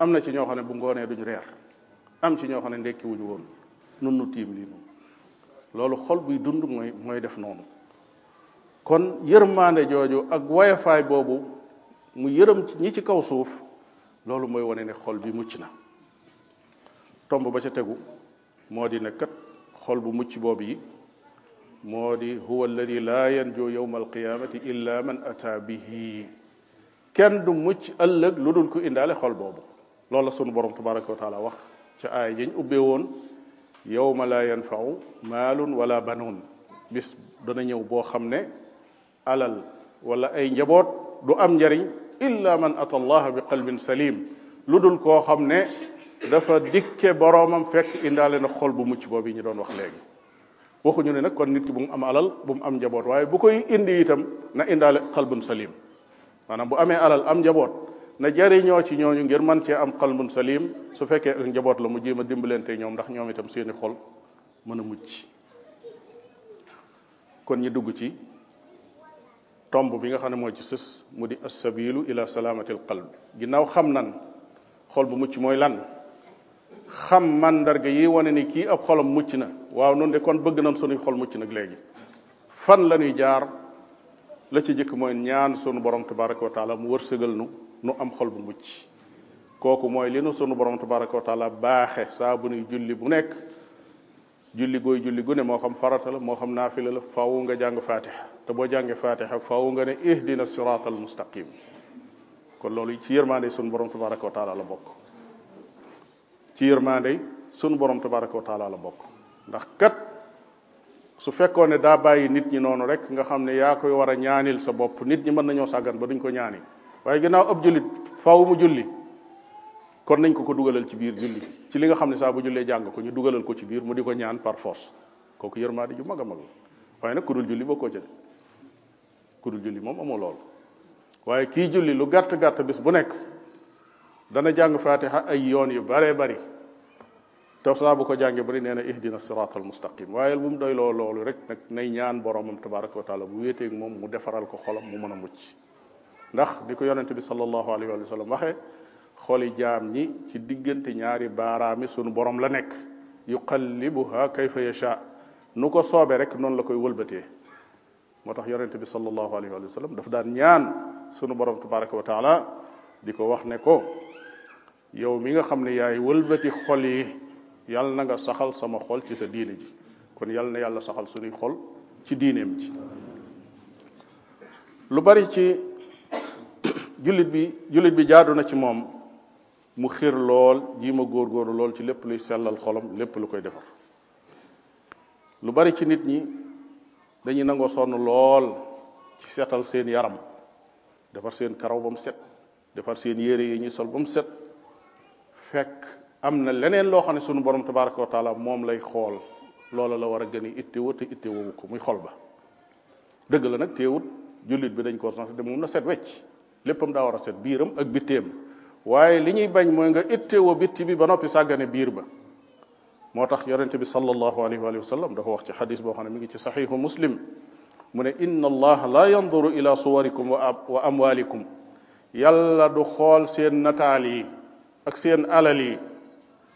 am na ci ñoo xam ne bu ngoonee duñu reer am ci ñoo xam ne ndekki woon nun nu tiim lii noonu loolu xol buy dund mooy mooy def noonu kon yërmaande jooju ak wayafaay boobu mu yërëm ñi ci kaw suuf loolu mooy wane ne xol bi mucc na tomb ba ca tegu moo di ne kat xol bu mucc boobu yi moo di huwa alladi laa yanju yowma alqiyamati illa man ata bihi kenn du mucc ëllëg lu dul ku indaale xol boobu loolu la sunu borom tabaraka wa taala wax ca aaya yañ ubbee woon yowma laa yanfau maalun wala banuun bis dana ñëw boo xam ne alal wala ay njaboot du am njariñ illa man ata allah bi qalbin salim lu dul koo xam ne dafa dikke boroomam fekk indaale na xol bu mucc boobu ñu doon wax léegi waxuñu ne nag kon nit ki bu mu am alal bu mu am njaboot waaye bu koy indi itam na indaale xalbun salim maanaam bu amee alal am njaboot na jariñoo ci ñooñu ngir man cee am xalbun salim su fekkee njaboot la mu jéem a dimbalante ñoom ndax ñoom itam seeni xol mën a mucc kon ñi dugg ci tomb bi nga xam ne mooy ci sës mu di assabilu ila salaamatil qalb ginnaaw xam nan xol bu mucc mooy lan xam mandarga yi wane ni kii ab xolam mucc na waaw noonu de kon bëgg nañ sunuy xol mucc nag léegi fan la ñuy jaar la ci jëkk mooy ñaan sunu borom tabaraka wa taala mu wërsëgal nu nu am xol bu mucc kooku mooy li nu sunu borom tabaraka wa taala baaxe saa bu julli bu nekk julli gooy julli gu ne moo xam farata moo xam naa naafila la faaw nga jàng fatiha te boo jàngee fatiha faaw nga ne ihdina siratal mustaqim kon loolu ci yërmaande sunu borom tabaraka wa la bokk ci yërmande sunu borom tabaraka wa taala la bokk ndax kat su fekkoon ne daa bàyyi nit ñi noonu rek nga xam ne yaa koy war a ñaanil sa bopp nit ñi mën nañoo sàggan ba duñ ko ñaani waaye ginnaaw ab jullit faaw mu julli kon nañ ko ko dugalal ci biir julli ci li nga xam ne saa bu jullee jàng ko ñu dugalal ko ci biir mu di ko ñaan par force kooku yërmande ju mag a mag waaye nag ku dul julli bokkoo ca de julli moom amoo lool waaye kii julli lu gàtt bu nekk dana jàng fatiha ay yoon yu baree bari te saa bu ko jàngee bari nee na ihdina siraatal mustaqim waaye bu mu doy loolu rek nay ñaan boromam tabaraka wa taala bu wéeteeg moom mu defaral ko xolam mu mën a mucc ndax ni ko yonente bi sallallahu alayhi wa sallam waxee xoli jaam ñi ci diggante ñaari baaraami sunu borom la nekk yu yuqallibuha kayfa yasha nu ko soobee rek noonu la koy wëlbatee moo tax yonente bi sallallahu alayhi wa sallam daf daan ñaan sunu borom tabaraka wa taala di ko wax ne ko yow mi nga xam ne yaay wëlbati xol yi yal na nga saxal sama xol ci sa diine ji kon yal na yàlla saxal suñuy xol ci diineem ji lu bari ci jullit bi jullit bi jaadu na ci moom mu xir lool jii ma góor góorgóorlu lool ci lépp luy sellal xolam lépp lu koy defar lu bari ci nit ñi dañuy nangoo sonn lool ci setal seen yaram defar seen karaw ba mu set defar seen yére yi ñuy sol ba mu set fekk am na leneen loo xam ne sunu borom tabaraka wa taala moom lay xool loola la war a gën a itteewu te itteewu ko muy xol ba dëgg la nag teewut jullit bi dañ ko sant de moom na set wecc léppam daa war a set biiram ak bitteem waaye li ñuy bañ mooy nga itteewu bitti bi ba noppi sàggane biir ba moo tax yonente bi sallallahu alayhi wa sallam dafa wax ci xadis boo xam ne mu ngi ci saxiixu muslim mu ne inna allaha la yanduru ila suwarikum wa amwalikum yàlla du xool seen nataal yi ak seen alal yi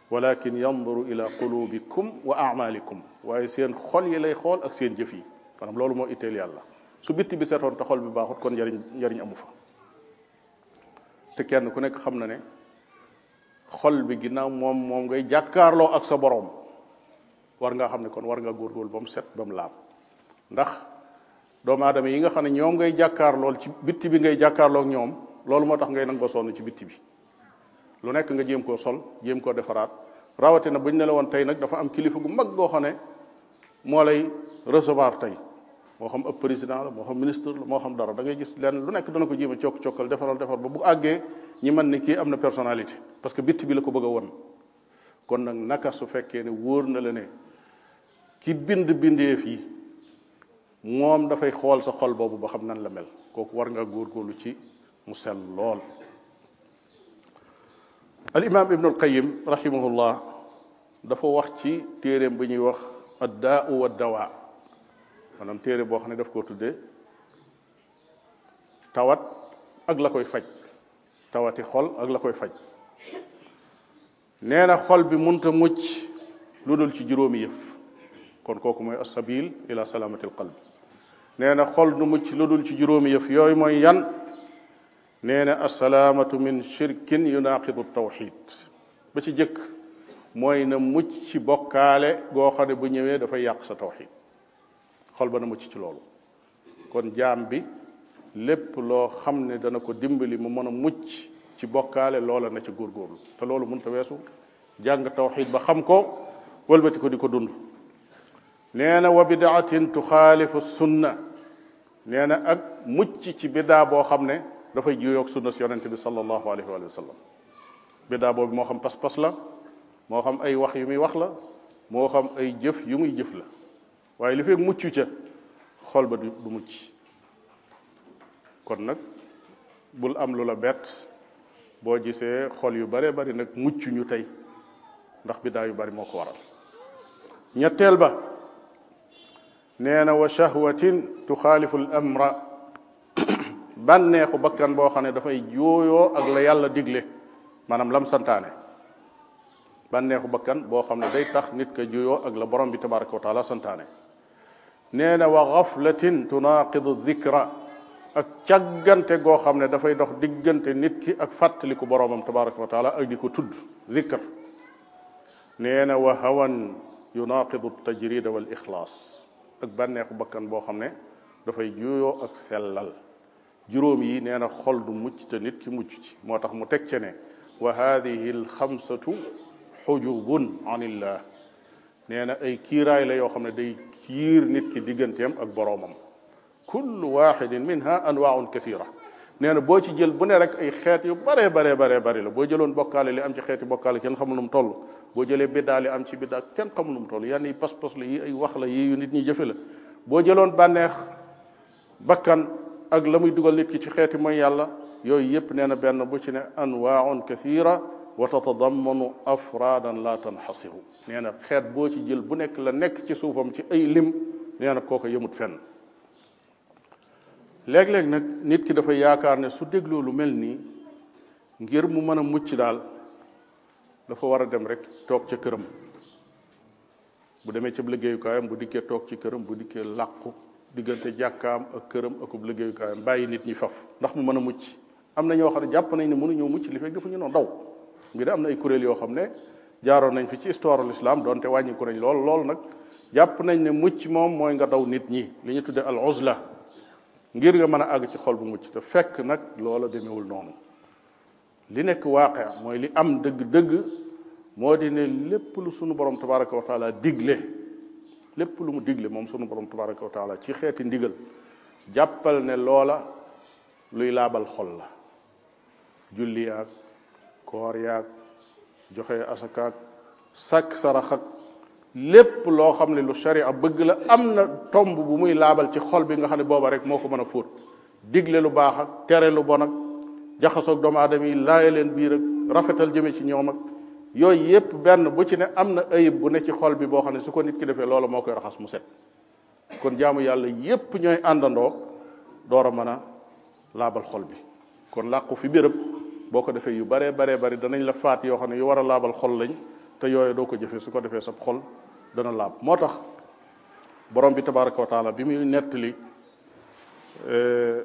walakin yanduru ila qulubikum wa amalikum waaye seen xool yi lay xool ak seen jëf yi maanaam loolu moo itteel yàlla su biti bi seetoon te xol bi baaxut kon njariñ njariñ amu fa kenn ku nekk xam na ne xol bi ginnaaw moom moom ngay jàkkaarloo ak sa boroom war nga xam ne kon war nga góorgóorlu ba mu set ba mu ndax doomu aadama yi nga xam ne ñoom ngay jàkkaarlool ci bitti bi ngay jàkkaarloog ñoom loolu moo tax ngay nangoo sonn ci bitti bi lu nekk nga jéem koo sol jéem koo defaraat rawatina ñu ne la woon tey nag dafa am kilifa gu mag goo xam ne moo lay recevoir tey moo xam ab président la moo xam ministre la moo xam dara da ngay gis lenn lu nekk dana ko jéem a cokk cokkal defaral defar ba bu àggee ñi mën ni kii am na personnalité parce que bitt bi la ko bëgg a won kon nag naka su fekkee ne wóor na la ne ki bind bindeef fii moom dafay xool sa xol boobu ba xam nan la mel kooku war nga góorgóorlu ci mu sell lool al imaam ibnu alqayim rahimahullah dafa wax ci téere bi ñuy wax addaa wa dawaa maanaam téere boo xam ne daf koo tudde tawat ak la koy faj tawati xol ak la koy faj nee na xol bi munta mucc lu dul ci juróomi yëf kon kooku mooy asabil ila salaamati alqalbi nee na xol du mucc lu dul ci juróomi yëf yooyu mooy yan nee na assalaamatu min shirkin yunaqidu tawxid ba ci jëkk mooy na mucc ci bokkaale goo xam bu ñëwee dafa yàq sa tawxid xol ba na mucc ci loolu kon jaam bi lépp loo xam ne dana ko dimbali mu mën a mucc ci bokkaale loola na ci góorgóorlu te loolu mënta weesu jàng tawxid ba xam ko wëlbati ko di ko dund nee na wa bidaatin tuxaalifu sunna nee na ak mucc ci bidaa boo xam ne dafay juyoog sunna si yonente bi sallallahu alayhi wa sallam biddaa boobu moo xam pas-pas la moo xam ay wax yu muy wax la moo xam ay jëf yu muy jëf la waaye li fekk mucc ca xol ba du mucc kon nag bul am lu la bett boo gisee xol yu bare bari nag mucc ñu tey ndax biddaa yu bari moo ko waral ñetteel ba nee na wa shahwatin tuxaalifu al amra bànneexu bakkan boo xam ne dafay jooyoo ak la yàlla digle maanaam lam santaane bànneexu bakkan boo xam ne day tax nit ka juyoo ak la borom bi tabaraka wa taala santaane nee na wa gaflatin tunaaqidu dikra ak càggante goo xam ne dafay dox diggante nit ki ak fàttaliku boromam tabaraka wa taala ak di tudd dikr nee na wa hawan yunaaqidu tajrida wal ixlaas ak bànneexu bakkan boo xam ne dafay juyoo ak sellal juróom yi nee na xol du mucc te nit ki mucc ci moo tax mu teg ca ne wa haadihi alxamsatu xujubun anillah nee na ay kiiraay la yoo xam ne day kiir nit ki digganteem ak boroomam kullu waxidin minha anwaaun kasira nee na boo ci jël bu ne rek ay xeet yu baree baree bare bari la boo jëloon bokkaale li am ci xeeti bokkaale kenn xamul nu mu toll boo jëlee biddaa li am ci biddaa kenn xamul nu mu yan yenn yi pas-pas la yi ay wax la yi yu nit ñi jëfe la boo jëloon bànneex bakkan ak la muy dugal nit ki ci xeeti mooy yàlla yooyu yépp nee na benn bu ci ne anwaaun kathira wa tatadammanu afraadan la tanxasiru nee na xeet boo ci jël bu nekk la nekk ci suufam ci ay lim nee na kooko yëmut fenn léeg-léeg nag nit ki dafa yaakaar ne su dégloo lu mel nii ngir mu mën a mucc daal dafa war a dem rek toog ca këram bu demee ci liggéeyukaayam bu dikkee toog ci këram bu dikkee làqu diggante jàkkaam ak këram akub liggéeyukaayam bàyyi nit ñi faf ndax mu mën a mucc am na ñoo xam ne jàpp nañ ne mënuñoo mucc li fekk dafa ñu noonu daw mbir am na ay kuréel yoo xam ne jaaroon nañ fi ci histoire l'islam donte wàññi ko nañ lool lool nag jàpp nañ ne mucc moom mooy nga daw nit ñi li ñu tuddee al uzla ngir nga mën a àgg ci xol bu mucc te fekk nag loola demewul noonu li nekk waaqe mooy li am dëgg-dëgg moo di ne lépp lu sunu borom tabaraka wa taala digle lépp lu mu digle moom sunu borom tabaraka wa taala ci xeeti ndigal jàppal ne loola luy laabal xol la julli yaag koor joxe asakaak sàkk sarax ak lépp loo xam ne lu sharia bëgg la am na tomb bu muy laabal ci xol bi nga xam ne booba rek moo ko mën a fóot digle lu baax ak tere lu bon ak doomu aadama yi laaya leen biir ak rafetal jëme ci ñoom ak yooyu yépp benn bu ci ne am na ayib bu ne ci xol bi boo xam ne su ko nit ki defee loolu moo koy raxas mu set kon jaamu yàlla yépp ñooy àndandoo door a mën a laabal xol bi kon làqu fi béréb boo ko defee yu baree baree bari danañ la faat yoo xam ne yu war laabal xol lañ te yooyu doo ko jëfee su ko defee sab xol dana laab moo tax borom bi tabaraka wa bi muy nettali euh,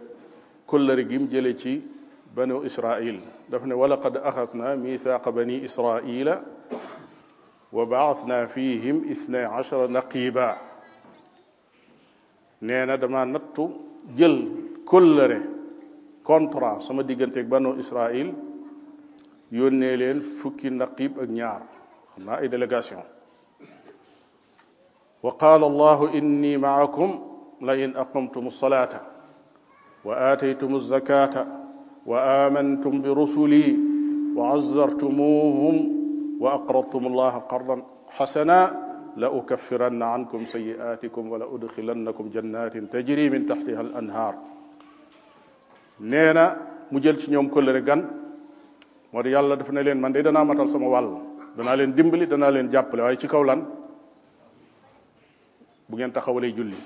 kóllëre gi mu jëlee ci banu israil daf ne walaqad axadna mithaqa bani israila wa baasna fihim isnay achara naqiba nee na dama nattu jël kóllëre contrat sama diggante ak banu israil yónnee leen fukki naqib ak ñaar xam naa ay délégation wa qaala allahu inni maakum la in aqamtum salaata wa aataytum zakata wa amantum bi rusuli wa azzartumuhum wa aqradtum allaha qardan xasana la ukaffiranna ankum sayi'aatikum wa la udxilannakum jannatin tajri min taxtiha al anhaar nee na mu jël ci ñoom kóllëre gan moo di yàlla daf ne leen man de danaa matal sama wàll danaa leen dimbali danaa leen jàppale waaye ci kaw lan bu ngeen taxawalee julli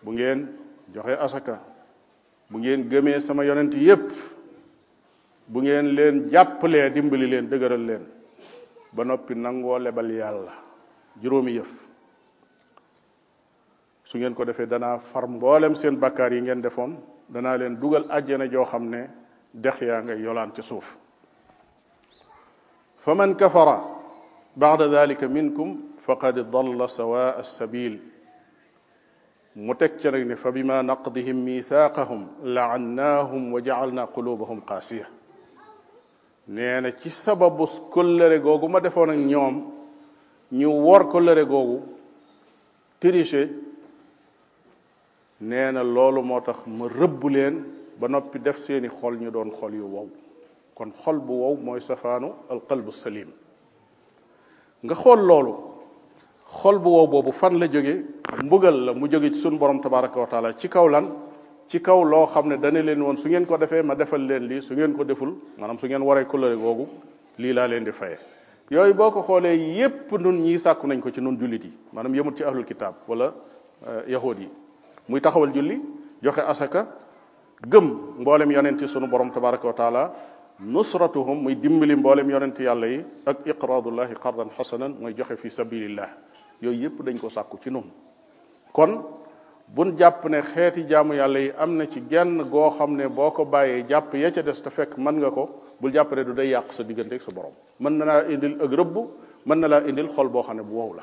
bu ngeen joxe asaka bu ngeen gëmee sama yonent yépp bu ngeen leen jàppalee dimbali leen dëgëral leen ba noppi nangoo lebal yàlla juróomi yëf su ngeen ko defee danaa far mboolem seen bakkaar yi ngeen defoon danaa leen dugal àjjana joo xam ne dex yaa nga yolaan ca suuf fa man kafara ba'da dalika minkum faqad dalla sawaa as-sabil mu teg ci nag ne fa bima naqdihim mithaqahum laannaahum wa jaalna qulubahum qaasiya nee na ci sababu kóllëre googu ma defoon ak ñoom ñu wor kóllëre googu triché nee na loolu moo tax ma rëbb leen ba noppi def seeni xol ñu doon xol yu wow kon xol bu wow mooy safaanu alqalbu salim nga xool loolu xol bu wow boobu fan la jóge mbugal la mu jóge ci sunu borom tabaraka wa taala ci kaw lan ci kaw loo xam ne dana leen woon su ngeen ko defee ma defal leen lii su ngeen ko deful maanaam su ngeen waree coloré googu lii laa leen di faye yooyu boo ko xoolee yépp nun ñii sàkku nañ ko ci nun jullit yi maanaam yëmut ci ahlul kitab wala eh, yahud yi muy taxawal julli joxe asaka gëm mboolem yonenti sunu borom tabaraka wa taala nusratuhum muy dimbali mboolem yonenti yàlla yi ak iqraadullahi qardan xasanan mooy joxe fi sabilillah yooyu yëpp dañ ko sàkku ci noonu kon bun jàpp ne xeeti jaamu yàlla yi am na ci genn goo xam ne boo ko bàyyee jàpp ya ca des te fekk mën nga ko bul jàpp ne du day yàq sa diggante ak sa borom mën na laa indil ak rëbb mën na laa indil xol boo xam ne bu wow la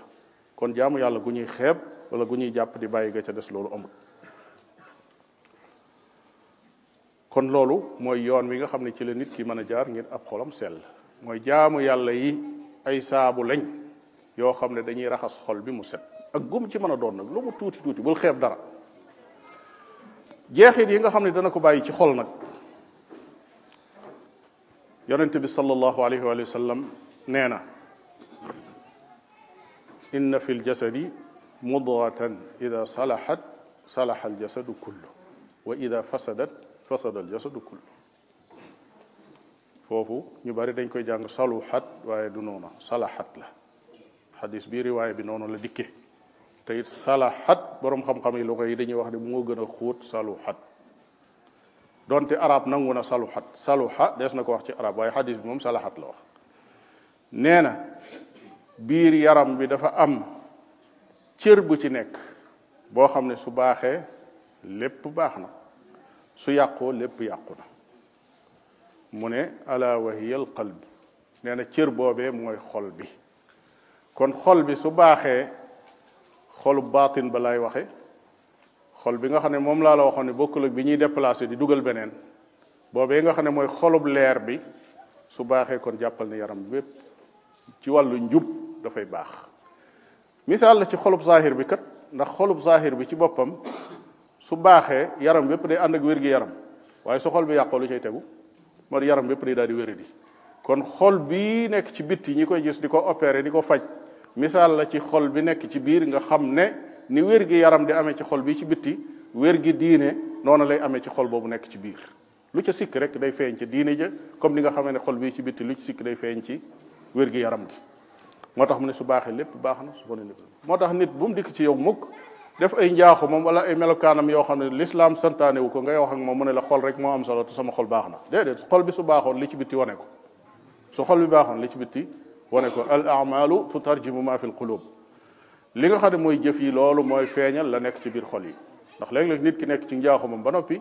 kon jaamu yàlla gu ñuy xeeb wala gu ñuy jàpp di bàyyi ga ca des loolu amut kon loolu mooy yoon wi nga xam ne ci la nit ki mën a jaar ngir ab xolam sell mooy jaamu yàlla yi ay saabu lañ yoo xam ne dañuy raxas xol bi mu set ak gum ci mën a doon nag lu mu tuuti tuuti bul xeeb dara jeexit yi nga xam ne dana ko bàyyi ci xol nag yonente bi sallallahu alayhi wa sallam nee na inna fi ljasadi mudghatan ida salaxat salaxa aljasadu kullu wa ida fasadat fasada aljasadu kullu foofu ñu bari dañ koy jàng saluxat waaye du noona salaxat la xadis bii riwaay bi noonu la dikkee te it salahat borom xam-xam yi lu yi dañuy wax ni moo gën a xóot saluhat donte arab nangu na saluhat saluha des na ko wax ci arab waaye xadis bi moom salahat la wax nee na biir yaram bi dafa am cër bu ci nekk boo xam ne su baaxee lépp baax na su yàqoo lépp yàqu na mu ne ala wahiya alqalb nee na cër boobee mooy xol bi kon xol bi su baaxee xolu baatin ba lay waxe xol bi nga xam ne moom laa la waxoon ne bokkul ak bi ñuy déplacé di dugal beneen boobee nga xam ne mooy xolub leer bi su baaxee kon jàppal ne yaram bépp ci wàllu njub dafay baax misaal la ci xolub zahir bi kat ndax xolub zahir bi ci boppam su baaxee yaram bépp day ànd ak wér gi yaram waaye su xol bi yàqoo lu cay tegu moo di yaram bépp day daal di wéradi kon xol bii nekk ci bitti ñi koy gis di ko opéré di ko faj misaal la ci xol bi nekk ci biir nga xam ne ni wér gi yaram di amee ci xol bi ci bitti wér gi diine noonu lay amee ci xol boobu nekk ci biir lu ca sikk rek day feeñ ci diine ja comme ni nga xamee ne xol bii ci bitti lu ci sikk day feeñ ci wér gi yaram gi moo tax mu ne su baaxee lépp baax na su bonee lépp moo tax nit bu dikk ci yow mukk def ay njaaxu moom wala ay melokaanam yoo xam ne lislaam santaane wu ko ngay wax ak moom mu ne la xol rek moo am solo te sama xol baax na déedéet xol bi su baaxoon li ci bitti wane ko su xol bi baaxoon li ci bitti wane ko al amalu tutarjimu ma fi l qulub li nga xam ne mooy jëf yi loolu mooy feeñal la nekk ci biir xol yi ndax léeg-léeg nit ki nekk ci njaaxumam ba noppi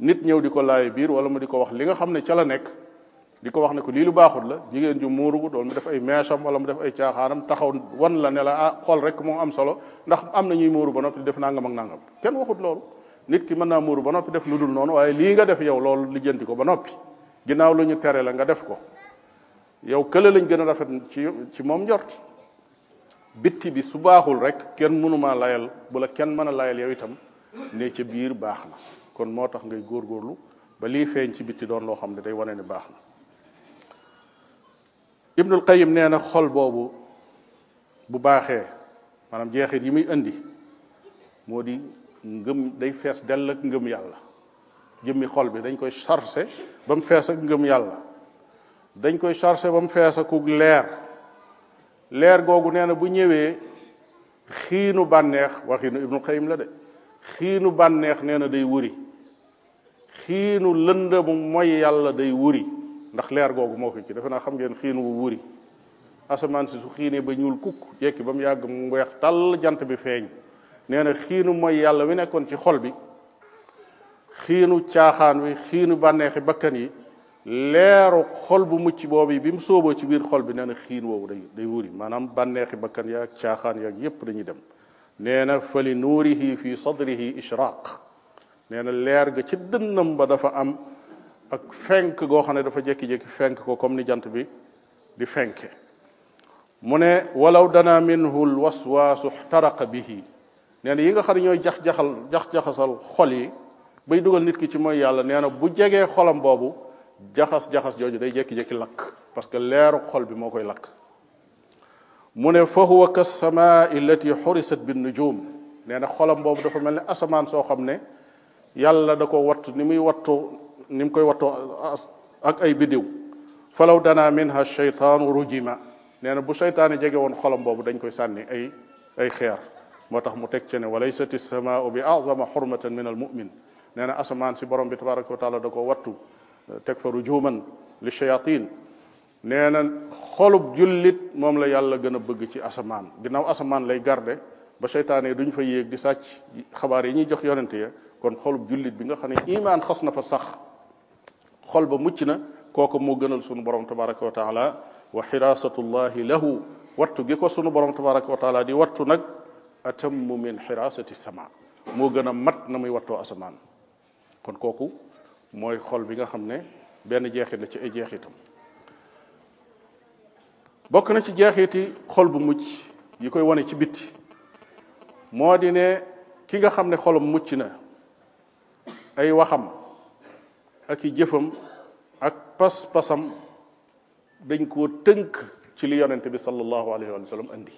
nit ñëw di ko laaye biir wala mu di ko wax li nga xam ne ca la nekk di ko wax ne ko lii lu baaxul la jigéen ju muurugut wala mu def ay meesam wala mu def ay caaxaanam taxaw wan la ne la ah xol rek moo am solo ndax am na ñuy muuru ba noppi def nangam na ngam kenn waxut loolu nit ki mën naa muuru ba noppi def lu dul noonu waaye lii nga def yow loolu lijjanti ko ba noppi ginnaaw ñu tere la nga def ko yow kële lañ gën a rafet ci ci moom njort bitti bi su baaxul rek kenn mënuma layal bu la kenn mën a layal yow itam ne ca biir baax na kon moo tax ngay góor góorlu ba lii feeñ ci bitti doon loo xam ne day wane ne baax na ibnul qayim nee na xol boobu bu baaxee maanaam jeexit yi muy indi moo di ngëm day fees dell ak ngëm yàlla jëmmi xol bi dañ koy chargé ba mu fees ak ngëm yàlla dañ koy chargé ba mu fees akug leer leer googu nee na bu ñëwee xiinu bànneex waxiinu ibnu Qayyim la de xiinu bànneex nee na day wuri xiinu lëndëmu mooy yàlla day wuri ndax leer googu moo ko ci defe naa xam ngeen xiinu wu wuri asamaan si su xiinee ba ñuul kukk jekki ba mu yàgg mu weex tàll jant bi feeñ nee xiinu mooy yàlla wi nekkoon ci xol bi xiinu caaxaan wi xiinu bànneexi bakkan yi leeru xol bu mucc boobu yi bi mu sooboo ci biir xol bi nee na xiin woowu day day wuri maanaam bànneexi bakkan yaag caaxaan yaag yépp dañuy dem nee na fali nuurihi fi sadrihi ishraq nee na leer ga ci dënnam ba dafa am ak fenk goo xam ne dafa jekki-jekki fenk ko comme ni jant bi di fenke mu ne walaw dana minhu l waswaasu xtaraqa bihi nee yi nga xam ne ñooy jax-jaxal jax-jaxasal xol yi bay dugal nit ki ci mooy yàlla nee na bu jegee xolam boobu jaxas-jaxas jooju day jekki-jekki lakk parce que leeru xol bi moo koy lakk mu ne fa huwa ka samaa illati xurisat bin nujum nee na xolam boobu dafa mel ne asamaan soo xam ne yàlla da ko wattu ni muy wattu ni mu koy wattoo ak ay biddiw falaw dana minha shaytaanu rujima nee na bu shaytaani jege woon xolam boobu dañ koy sànni ay ay xeer moo tax mu teg ci ne walaysat samaau bi azama xurmatan min al mumin nee na asamaan si borom bi tabaraka wa taala da ko wattu teg fa rujuman li shayatin nee na xolub jullit moom la yàlla gën a bëgg ci asamaan ginnaaw asamaan lay garde ba seytaane yi duñ fa yéeg di sàcc xabaar yi ñuy jox yonente ya kon xolub jullit bi nga xam ne imaan xas na fa sax xol ba mucc na kooku moo gënal sunu borom tabaraka wa taala wa xiraasatullahi lahu wattu gi ko sunu borom tabaraka wa taala di wattu nag atammu min xiraasati sama moo gën a mat na muy wattoo asamaan kon kooku mooy xol bi nga xam ne benn jeexit la ci ay jeexitam bokk na ci jeexiti xol bu mucc yi koy wane ci bitti moo di ne ki nga xam ne xolam mucc na ay waxam ak i jëfam ak pas-pasam dañ koo tënk ci li yonent bi sallallahu alayhi wa sallam indi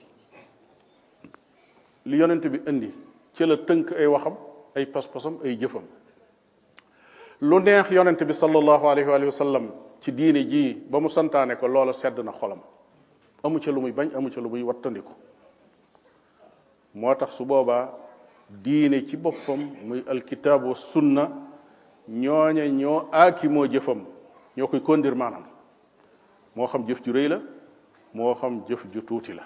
li yonent bi indi ci tënk ay waxam ay pas-pasam ay jëfam lu neex yonent bi sallallahu alayhi wa salam ci diine ji ba mu santaane ko loola sedd na xolam amu ca lu muy bañ amu ca lu muy wattandiku moo tax su boobaa diine ci boppam muy alkitaab wa sunna ñooñe ñoo aaki moo jëfam ñoo koy kondir maanaam moo xam jëf ju rëy la moo xam jëf ju tuuti la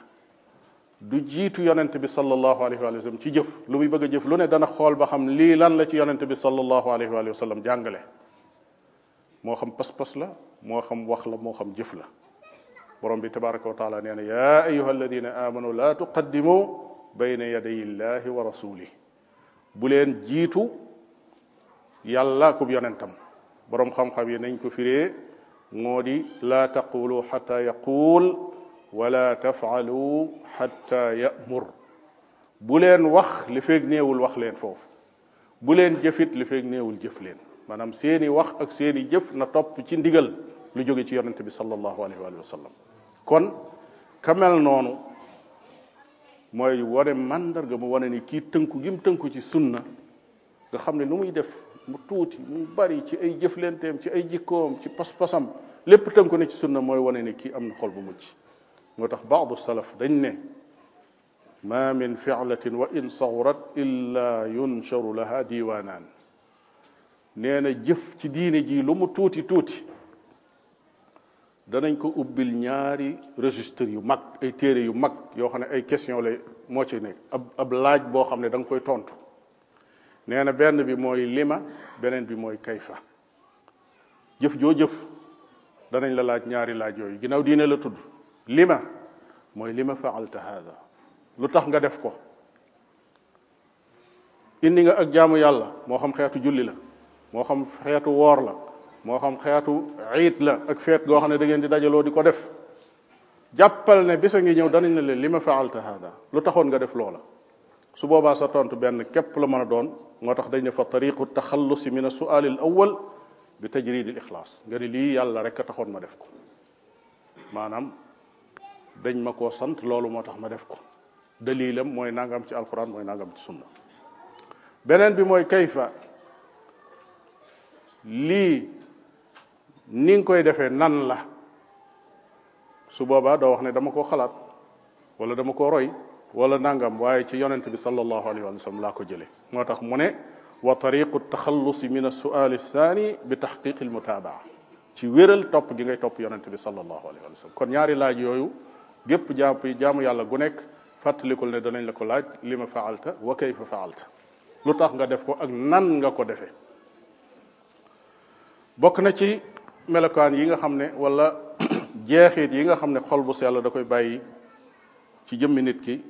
du jiitu yonent bi sallallahu alayhi wa ci jëf lu muy bëgg a jëf lu ne dana xool ba xam lii lan la ci yonent bi sallallahu alayhi wa sallam moo xam pas-pas la moo xam wax la moo xam jëf la borom bi tabaraka wa taala nee na yaa ayuha alladina amanu laa tuqaddimu bayna yaday illahi wa rasulih bu leen jiitu yàlla kub yonentam borom xam-xam yi nañ ko firee moo di laa taqulu xata yaquul wala tafaalu xatta yamur bu leen wax li feeg néewul wax leen foofu bu leen jëfit li feeg néewul jëf leen maanaam seeni wax ak seeni jëf na topp ci ndigal lu jóge ci yonente bi sallallahu alayhi wa sallam kon ka noonu mooy wane màndarga mu wane ni kii tënku gim tënku ci sunna nga xam ne lu muy def mu tuuti mu bari ci ay jëflenteem ci ay jikkoom ci pas-pasam lépp tënku na ci sunna mooy wane ne kii am na xol bu mucc moo tax baadu salaf dañ ne ma min filatin wa in sawrat illa yunsharu laha diiwaanaan nee na jëf ci diine ji lu mu tuuti tuuti danañ ko ubbil ñaari registre yu mag ay téere yu mag yoo xam ne ay question la moo ci nekk ab laaj boo xam ne da koy tontu nee na benn bi mooy lima beneen bi mooy kayfa jëf joo jëf danañ la laaj ñaari laaj yooyu ginnaaw diine la tudd lima mooy lima faalta hada lu tax nga def ko indi nga ak jaamu yàlla moo xam xeetu julli la moo xam xeetu woor la moo xam xeetu iit la ak feet goo xam ne da di dajaloo di ko def jàppal ne bisa ngi ñëw danañ ne leen li ma faalta hada lu taxoon nga def loola su boobaa sa tont benn képp lu mën a doon moo tax dañ ne fa tariqu taxallusi min a al awal bi tajrid al ixlaas nga ne lii yàlla rek a taxoon ma def ko maanaam dañ ma ko sant loolu moo tax ma def ko dalilam mooy nangam ci alquran mooy nangam ci sunna beneen bi mooy kayfa lii ni nga koy defee nan la su doo wax ne dama koo xalaat wala dama koo roy wala nangam waaye ci yonent bi sallallahu alayhi wa sallam laa ko jëlee moo tax mu ne wa tariqu taxallusi min assual althani bi taxqiqi almutabaa ci wéral topp gi ngay topp yonent bi sallallahu alayhi wa sallam kon ñaari laaj yooyu gépp jàpp jaamu yàlla gu nekk fàttalikul ne danañ la ko laaj li ma faalta wa fa faalta lu tax nga def ko ak nan nga ko defe bokk na ci melokaan yi nga xam ne walla jeexit yi nga xam ne xol bu sell da koy bàyyi ci jëmmi nit ki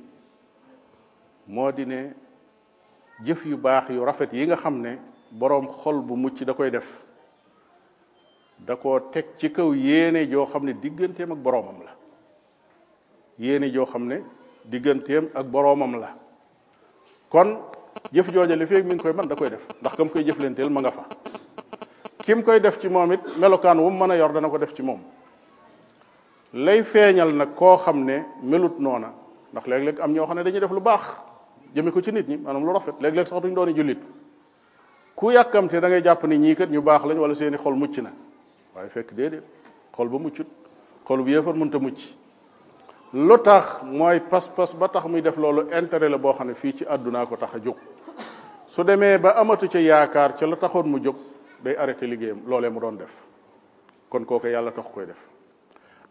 moo di ne jëf yu baax yu rafet yi nga xam ne boroom xol bu mucc da koy def da ko teg ci kaw yéene joo xam ne digganteem ak boroomam la yéene joo xam ne digganteem ak boroomam la kon jëf jooja li feeg ngi koy man da koy def ndax kam koy jëflanteel ma nga fa kim koy def ci moom it melokaan wu mu mën a yor dana ko def ci moom lay feeñal nag koo xam ne melut noona ndax léeg-léeg am ñoo xam ne dañuy def lu baax jëme ko ci nit ñi maanaam lu rafet léeg-léeg sax duñ doon jullit ku yàkkamte da ngay jàpp ni ñii kër ñu baax lañ wala seeni xol mucc na waaye fekk déedéet xol ba muccut xol bu yéefar mënta mucc lu tax mooy pas-pas ba tax muy def loolu intere la boo xam ne fii ci àddunaa ko tax a jóg su demee ba amatu ca yaakaar ca la taxoon mu jóg day arrêté liggéeyam loolee mu doon def kon kooku yàlla taxu koy def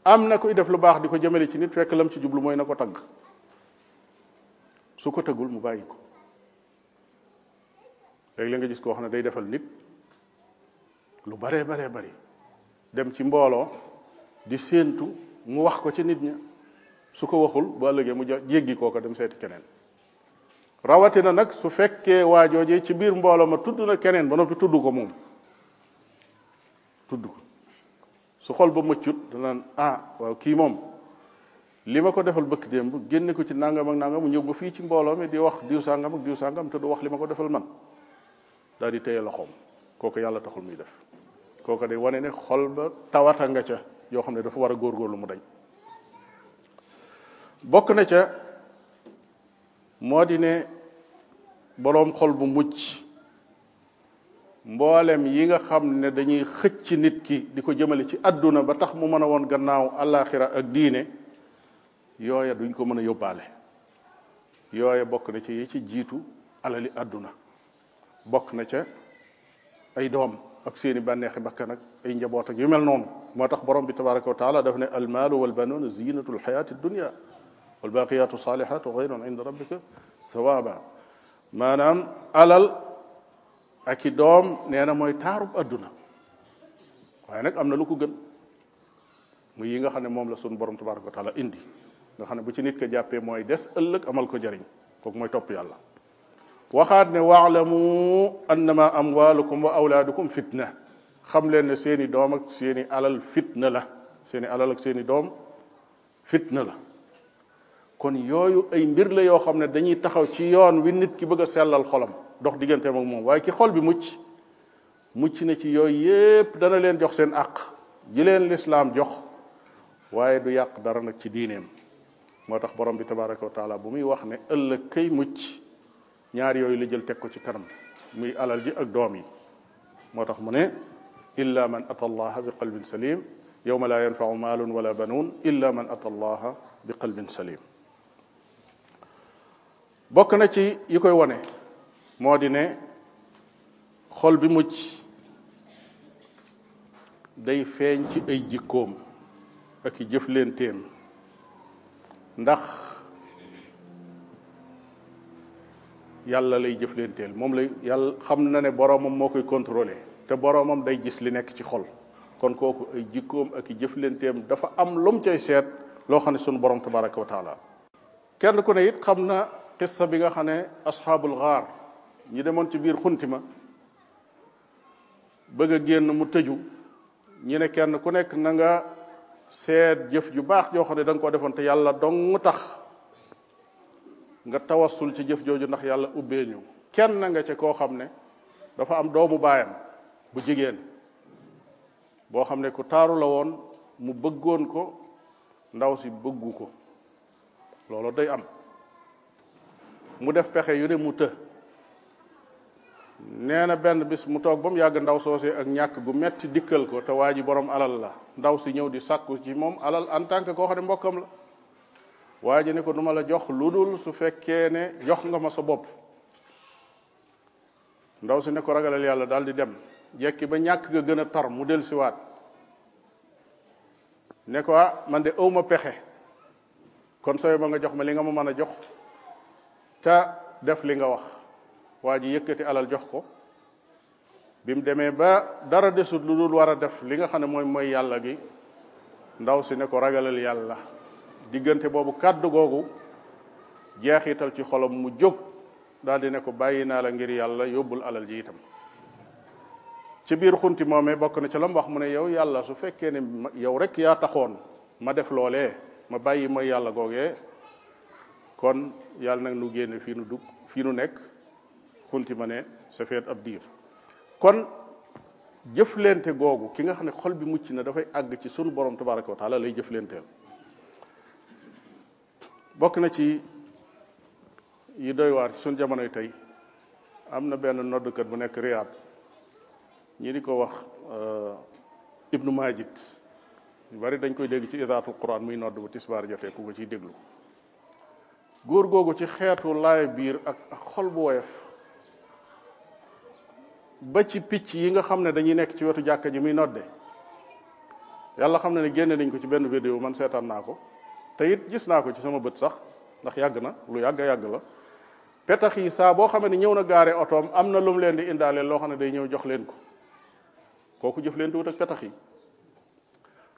am na kuy def lu baax di ko jëmale ci nit fekk lam ci jublu mooy na ko tagg su ko tëggul mu bàyyi ko léegi la nga gis koo xam ne day defal nit lu baree baree bari dem ci mbooloo di séentu mu wax ko ci nit ña su ko waxul bu ëllëgee mu jéggi kooka dem seeti keneen rawatina nag su fekkee waa jooje ci biir mbooloo ma tudd na keneen ba noppi tudd ko moom tudd ko su xol ba mëccut dana ah, kii moom li ma ko defal bëkk démb génne ko ci nangam ak nangam mu ñëw ba fii ci mbooloo mi di wax diw sàngam ak diw te du wax li ma ko defal man daal di téye loxoom kooku yàlla taxul muy def kooku day wane ne xol ba tawata nga ca yoo xam ne dafa war a lu mu dañ bokk na ca moo di ne boroom xol bu mucc mboolem yi nga xam ne dañuy xëcc nit ki di ko jëmale ci àdduna ba tax mu mën a woon gannaaw àllaaxira ak diine yooya duñ ko mën a yóbbaale yooya bokk na ca yi ci jiitu alali àdduna bokk na ca ay doom ak seeni bànneexi bakkan ak ay njaboot ak yu mel noonu moo tax borom bi tabaraka wa taala daf ne almaalu walbanoon zinatul xayaati dunia walbaqiyaatu saalihaatu xayrun inda rabbika sawaaba maanaam alal ak i doom nee na mooy taarub adduna waaye nag am na lu ko gën mu yi nga xam ne moom la suñu borom tabaraka wa taala indi nga xam ne bu ci nit ko jàppee mooy des ëllëg amal ko jariñ kook mooy topp yàlla waxaat ne waalamu annama amwalukum wa awlaadukum fitna xam leen ne seeni doom ak seeni alal fitna la seeni alal seeni doom fitna la kon yooyu ay mbir la yoo xam ne dañuy taxaw ci yoon wi nit ki bëgg a sellal xolam dox diggante moom moom waaye ki xol bi mucc mucc na ci yooyu yépp dana leen jox seen àq ji leen lislaam jox waaye du yàq dara nag ci diineem moo tax borom bi tabaraka wa taala bu muy wax ne ëllëg kay mucc ñaar yooyu la jël teg ko ci kanam muy alal ji ak doom yi moo tax mu ne illa man ata allaha bi qalbin salim yawma la yanfau maalun wala banuun illa man ata allaha bi qalbin bokk na ci yi koy wone moo di ne xol bi mucc day feeñ ci ay jikkoom ak i jëflenteem ndax yàlla lay jëflenteel moom lay yàlla xam na ne boroomam moo koy contrôler te boroomam day gis li nekk ci xol kon kooku ay jikkoom ak i jëfleenteem dafa am lum mu seet loo xam ne sunu borom tabaraka wa kenn ku ne it xam na qissa bi nga xam ne asxaabul xaar ñi demoon ci biir xunti ma bëgg a génn mu tëju ñi ne kenn ku nekk na nga seet jëf ju baax joo xam ne danga nga koo defoon te yàlla dong tax nga tawassul ci jëf jooju ndax yàlla ubbee ñu kenn nga ca koo xam ne dafa am doomu baayam bu jigéen boo xam ne ku taaru la woon mu bëggoon ko ndaw si bëggu ko looloo day am mu def pexe yu ne mu të nee na benn bis mu toog ba mu yàgg ndaw soosee ak ñàkk gu metti dikkal ko te waa ji boroom alal la ndaw si ñëw di sàkku ci moom alal en tant que koo xam ne mbokkam la waa ji ne ko du ma la jox lu dul su fekkee ne jox nga ma sa bopp ndaw si ne ko ragalal yàlla daal di dem jekki ba ñàkk ga gën a tar mu del waat ne ko ah man de awma pexe kon sooy ba nga jox ma li nga ma mën a jox te def li nga wax waa ji yëkkati alal jox ko bi mu demee ba dara desut lu dul war a def li nga xam ne mooy mooy yàlla gi ndaw si ne ko ragalal yàlla diggante boobu kàdd googu jeexital ci xolam mu jóg daal di ne ko bàyyi naa la ngir yàlla yóbbul alal ji itam ci biir xunti moomee bokk na ci la wax mu ne yow yàlla su fekkee ne yow rek yaa taxoon ma def loole ma bàyyi mooy yàlla googee kon yàlla nag nu génne fii nu dugg fii nu nekk xunti ma ne sa feet ab diir kon jëflente googu ki nga xam ne xol bi mucc na dafay àgg ci sunu borom tabaraka wa lay jëflenteel bokk na ci yi doy waar ci sunu jamonoy tey am na benn noddukat bu nekk Riyad ñi di ko wax euh, Ibnu Majid ñu bari dañ koy dégg ci idaatul quran muy nodd bu tisbaar jotee ku ko ciy déglu góor googu ci xeetu laay biir ak xol bu woyof ba ci picc yi nga xam ne dañuy nekk ci wetu jàkka ji muy nodde yàlla xam ne ne génne nañ ko ci benn vidéo man seetaan naa ko te gis naa ko ci sama bët sax ndax yàgg na lu yàgg yàgg la petax yi saa boo xamee ne ñëw na gaare otoom am na lu leen di indaale loo xam ne day ñëw jox leen ko kooku jëf leen tuut ak petax yi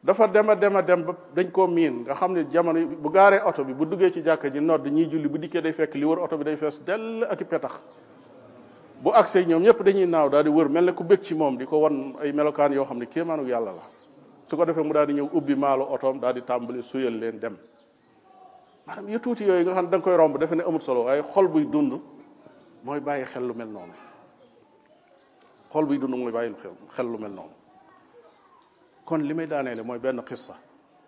dafa dem a dem a dem ba dañ koo miin nga xam ne jamono bu gaaree oto bi bu duggee ci jàkka ji nodd ñiy julli bu dikkee day fekk li wër oto bi day fees dell ak i petax bu agsee ñoom ñëpp dañuy naaw daal di wër mel ne ku bëgg ci moom di ko wan ay melokaan yoo xam ne kéemaanu yàlla la su ko defee mu daal di ñëw ubbi maalo otoom daal di tàmbali suyal leen dem maanaam yu tuuti yooyu nga xam ne da koy romb defe ne amul solo waaye xol buy dund mooy bàyyi xel lu mel noonu xol buy dund mooy bàyyi xel lu mel noonu kon li may daaneele mooy benn xissa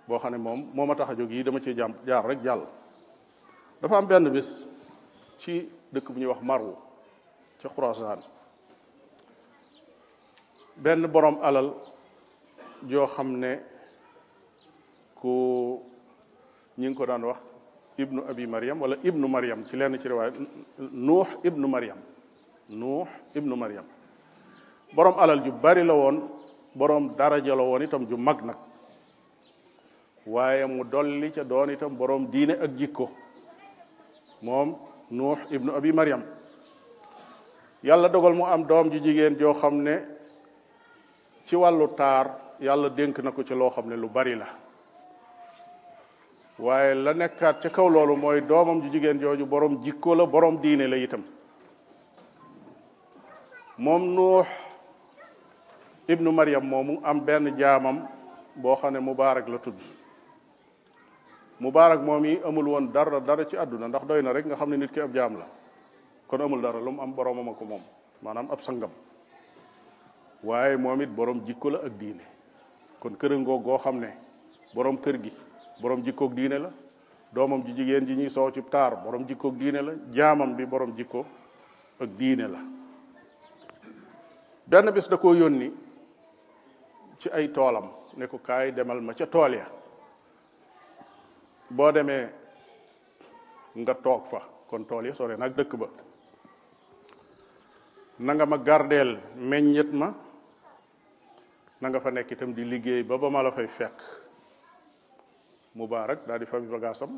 boo xam ne moom moo ma tax a jóg yi dama cee jàmm jaar rek jàll dafa am benn bis ci dëkk bu ñuy wax Marwu ca Xurasaan benn borom alal joo xam ne ku ñi ngi ko daan wax ibnu abi mariam wala ibnu mariam ci lenn ci riwaay nuux ibnu mariam nuux ibnu mariam borom alal ju bari la woon boroom daraja la woon ju mag nag waaye mu dolli ca doonitam itam boroom diine ak jikko moom nuux ibnu abi mariam yàlla dogal mu am doom ju jigéen joo xam ne ci wàllu taar yàlla dénk na ko ci loo xam ne lu bari la waaye la nekkaat ca kaw loolu mooy doomam ju jigéen jooju boroom jikko la boroom diine la itam moom nuux ibnu Maryam moomu am benn jaamam boo xam ne Mubaarak la tudd Mubaarak moom yi amul woon dara dara ci àdduna ndax doy na rek nga xam ne nit ki ab jaam la kon amul dara lu mu am boromam a ko moom maanaam ab sangam waaye moom it borom jikko la ak diine kon kërangoog goo xam ne borom kër gi borom jikkoog diine la doomam ji jigéen ji ñuy soow ci taar borom jikkoog diine la jaamam bi borom jikko ak diine la benn bés da koo yónni ci ay toolam ne ko kaay demal ma ca tool ya boo demee nga toog fa kon tool ya sore nag dëkk ba nanga ma gardeel meññet ma nanga fa nekk itam di liggéey ba ba ma la fay fekk mubaarak daldi di fa bi bagaasam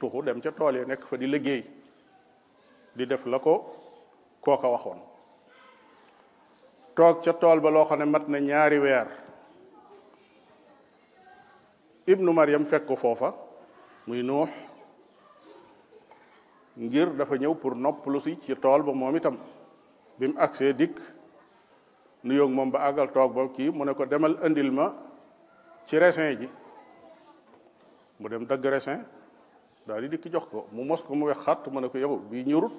tuxu dem ca tool ya nekk fa di liggéey di def la ko kooka waxoon toog ca tool ba loo xam ne mat na ñaari weer ibnu Maryam fekk foofa muy nuux ngir dafa ñëw pour noppalu si ci tool ba moom itam bi mu agsee dikk nuyoo moom ba àggal toog ba kii mu ne ko demal indil ma ci raisin ji mu dem dagg raisin daal di dikk jox ko mu mos ko mu wex xat mu ne ko yow bi ñurut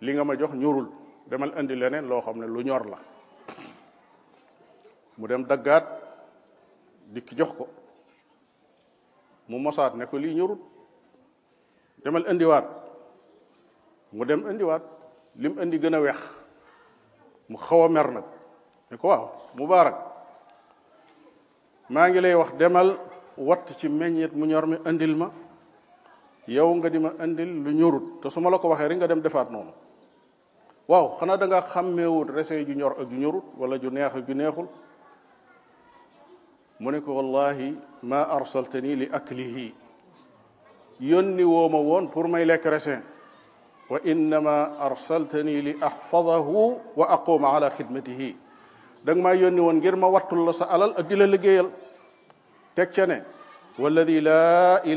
li nga ma jox ñurul demal indi leneen loo xam ne lu ñor la mu dem daggaat dikk jox ko mu mosaat ne ko lii ñorut demal indiwaat mu dem indiwaat lim indi gën a weex mu xaw a mer nag ne ko waaw mubaarak maa ngi lay wax demal watt ci meññeet mu ñor mi indil ma yow nga di ma indil lu ñorut te su ma la ko waxee rek nga dem defaat noonu waaw xanaa da xam xàmmeewut rese ju ñor ak ju ñorut wala ju neex ak ju neexul mu ne ko wallahi ma arsaltani li aklihi yónni woo ma woon pour may lekk resin wa innama arsaltani li axfadahu wa aquma ala xidmatihi da nga maa woon ngir ma wattul la sa alal ak di liggéeyal teg ca ne walladi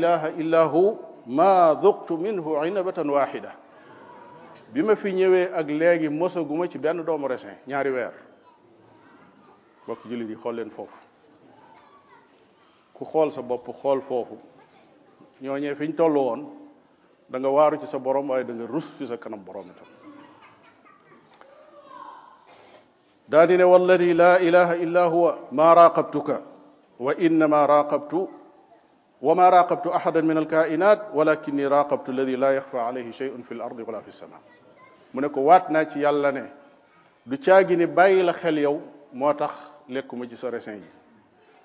laa hu ma duqtu minhu inabatan waxida bi ma fi ñëwee ak léegi mosaguma ci benn doomu resin ñaari weer bokk jullit yi xool leen foofu ku xool sa bopp xool foofu ñooñee fi ñu toll woon danga nga waaru ci sa borom waaye da rus fi sa kanam borom itam daa di ne walladi laa ilaha illa huwa maa raqabtuka wa innama raqabtu wa ma raqabtu ahadan min alkainat walakinni raqabtu alladi laa yaxfa alayhi fi l wala fi sama mu ne ko waat naa ci yàlla ne du caagi ni bàyyi la xel yow moo tax lekkuma ci sa resin yi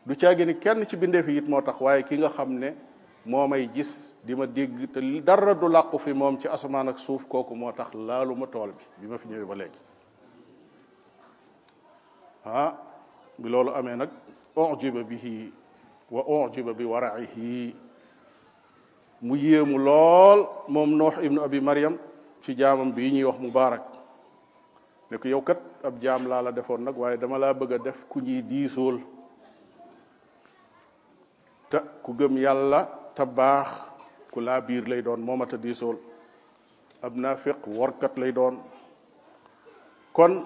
du caagi ni kenn ci bindee yi it moo tax waaye ki nga xam ne moo may gis di ma dégg te dara du làqu fi moom ci asamaan ak suuf kooku moo tax laalu ma tool bi bi ma fi ñëwee ba léegi ah bi loolu amee nag ujiba bihi wa ujiba bi waraihi mu yéemu lool moom noox ibnu abi mariam ci jaamam bi ñuy wax mubaarak ne ko yow kat ab jaam laa la defoon nag waaye dama laa bëgg a def ku ñuy diisool te ku gëm yàlla te baax ku laa biir lay doon moo mat diisool ab naafiq workat lay doon kon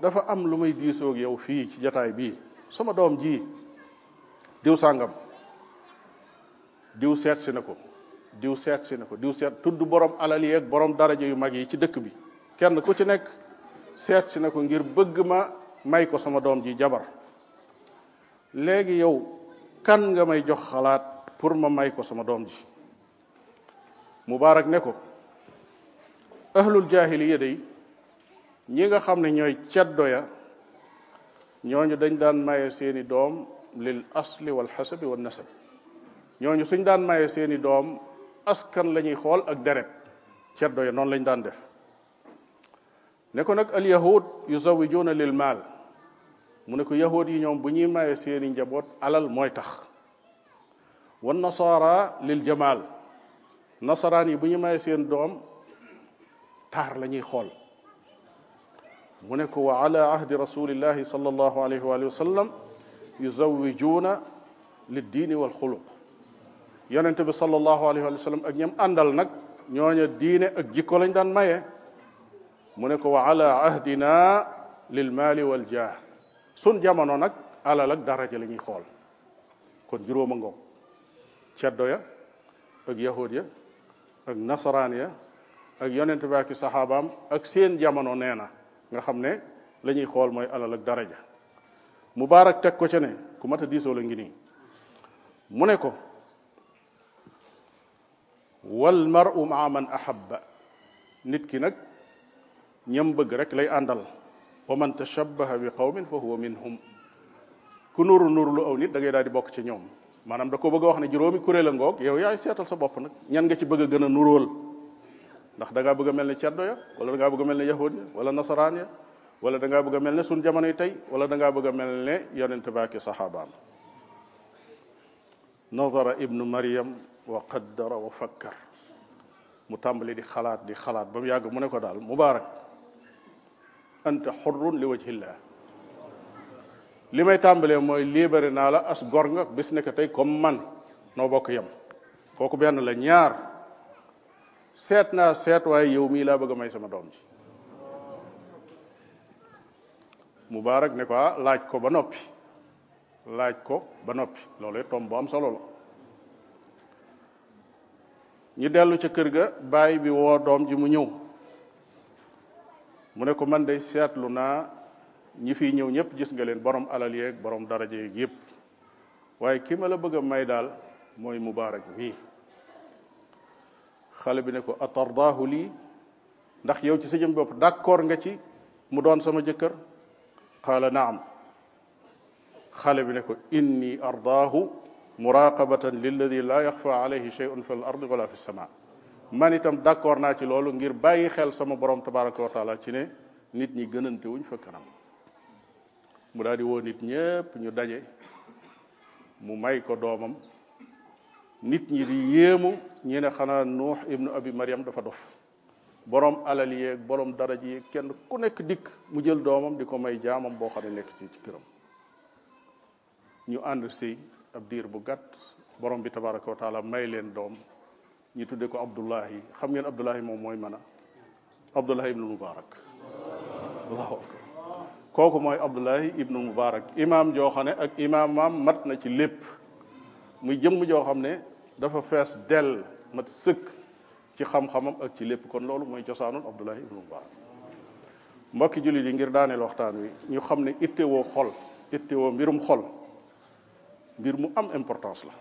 dafa am lu may diisoog yow fii ci jataay bi sama doom ji diw sàngam diw seet na ko diw seetsi na ko diw seet tudd boroom alal yeeg borom daraja yu mag yi ci dëkk bi kenn ku ci nekk seet si na ko ngir bëgg ma may ko sama doom ji jabar léegi yow kan nga may jox xalaat pour ma may ko sama doom ji mubaarak ne ko ahlul jaahiliya day ñi nga xam ne ñooy ceddo ya ñooñu dañ daan maye seeni doom lil asli wal xasabi wal nasab ñooñu suñ daan maye seeni doom askan lañuy xool ak deret ceddo ya noonu lañ daan def ne ko nag al yahud yuzawijuuna lil maal mu ne ko yahood yi ñoom bu ñuy maye seeni njaboot alal mooy tax wan nasaara lil jamaal nasaraan yi bu ñu maye seen doom taar lañuy xool mu ne ko wa ala ahdi rasulillahi sallallahu alayhi wa sallam yuzawijuuna lid diini wal xuluq yonente bi sallallahu alayhi wa sallam ak ñam àndal nag ñooña diine ak jikko lañ daan maye mu ne ko wa ala ahdina lil maali wal jaah sun jamono nag alal ak daraja la ñuy xool kon juróoma ngoog ceddo ya ak yahud ya ak nasaraan ya ak yonent bi ak saxaabaam ak seen jamono nee na nga xam ne lañuy xool mooy alal ak daraja mubaarak teg ko ca ku mat a diisoo mu ne ko wal maru maa man ahabba nit ki nag ñam bëgg rek lay àndal wa man tashabbaha bi qawmin fa huwa minhum ku nuru nuru lu aw nit da ngay daal di bokk ci ñoom maanaam da ko bëgg a wax ne juróomi kuréel a ngoog yow yaay seetal sa bopp nag ñan nga ci bëgg a gën a nurool ndax da bëgg a mel ne ceddo ya wala da bëgg a mel ne yahud ya wala nasaraan ya wala danga bëgg a mel ne suñ jamonoy tey wala da bëgg a mel ne yonente baaki saxaabaam nazara ibnu mariam wa qaddara wa fakkar mu tàmbali di xalaat di xalaat ba mu yàgg mu ne ko daal mubaarak anta xurrun li wajhillah li may tàmbalee mooy libéré naa la as gor nga bis nekk tey comme man noo bokk yam kooku benn la ñaar seet naa seet waaye yow mii laa bëgg a may sama doom ji Mubaarak ne ko ah, laaj ko ba noppi laaj ko ba noppi loolu tomb bu am solo la ñu dellu ca kër ga baay bi woo doom ji mu ñëw mu ne ko man de seetlu naa ñi fiy ñëw ñëpp gis nga leen borom alal yeeg borom daraja yeeg yëpp waaye ki ma bëgg may daal mooy mubaarak mii xale bi ne ko atardaahu lii ndax yow ci sa jëm bopp d'accord nga ci mu doon sama jëkkër qaala naam xale bi ne ko inni ardaahu muraqabatan lilladi laa yaxfa alayhi shay'un fi al wala fi sama man itam d'accord naa ci loolu ngir bàyyi xel sama borom tabaraka wa ci ne nit ñi gënante wuñ fa kanam mu daal di woo nit ñépp ñu daje mu may ko doomam nit ñi di yéemu ñi xanaa nuux ibnu abi mariam dafa dof borom alal yeeg borom daraj yeeg kenn ku nekk dikk mu jël doomam di ko may jaamam boo xam nekk ci ci këram ñu ànd sëy ab diir bu gàtt borom bi tabaraka wa may leen doom ñu tuddee ko Abdullahi xam ngeen Abdullahi moom mooy mana a Abdullahi ibnu Mubaarak allahu akbar kooku mooy Abdullahi ibnu Mubaarak imaam joo xam ne ak imaamam mat na ci lépp muy jëmm joo xam ne dafa fees dell mat sëkk ci xam-xamam ak ci lépp kon loolu mooy cosaanul Abdullahi ibnu Mubaarak mbokki jullit yi ngir daaneel waxtaan wi ñu xam ne ittewoo xol ittewoo mbirum xol mbir mu am importance la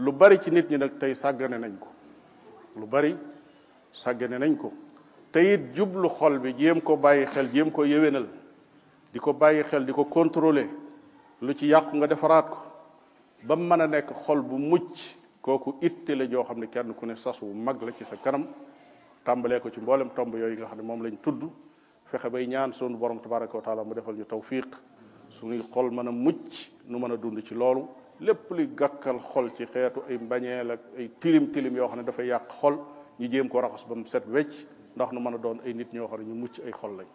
lu bari ci nit ñi nag tey sàggane nañ ko lu bari sàggane nañ ko te it jublu xol bi jéem ko bàyyi xel jéem ko yéwénal di ko bàyyi xel di ko contrôler lu ci yàqu nga defaraat ko ba mën a nekk xol bu mucc kooku it la joo xam ne kenn ku ne sas wu mag la ci sa kanam tàmbalee ko ci mboolem tomb yooyu nga xam ne moom lañ tudd fexe bay ñaan sunu borom tabaraka wa mu defal ñu tawfiq suñuy xol mën a mucc nu mën a dund ci loolu lépp luy gàkkal xol ci xeetu ay mbañeel ak ay tilim tilim yoo xam ne dafa yàq xol ñu jéem ko raxas ba mu set wecc ndax nu mën a doon ay nit ñoo xam ne ñu mucc ay xol lañ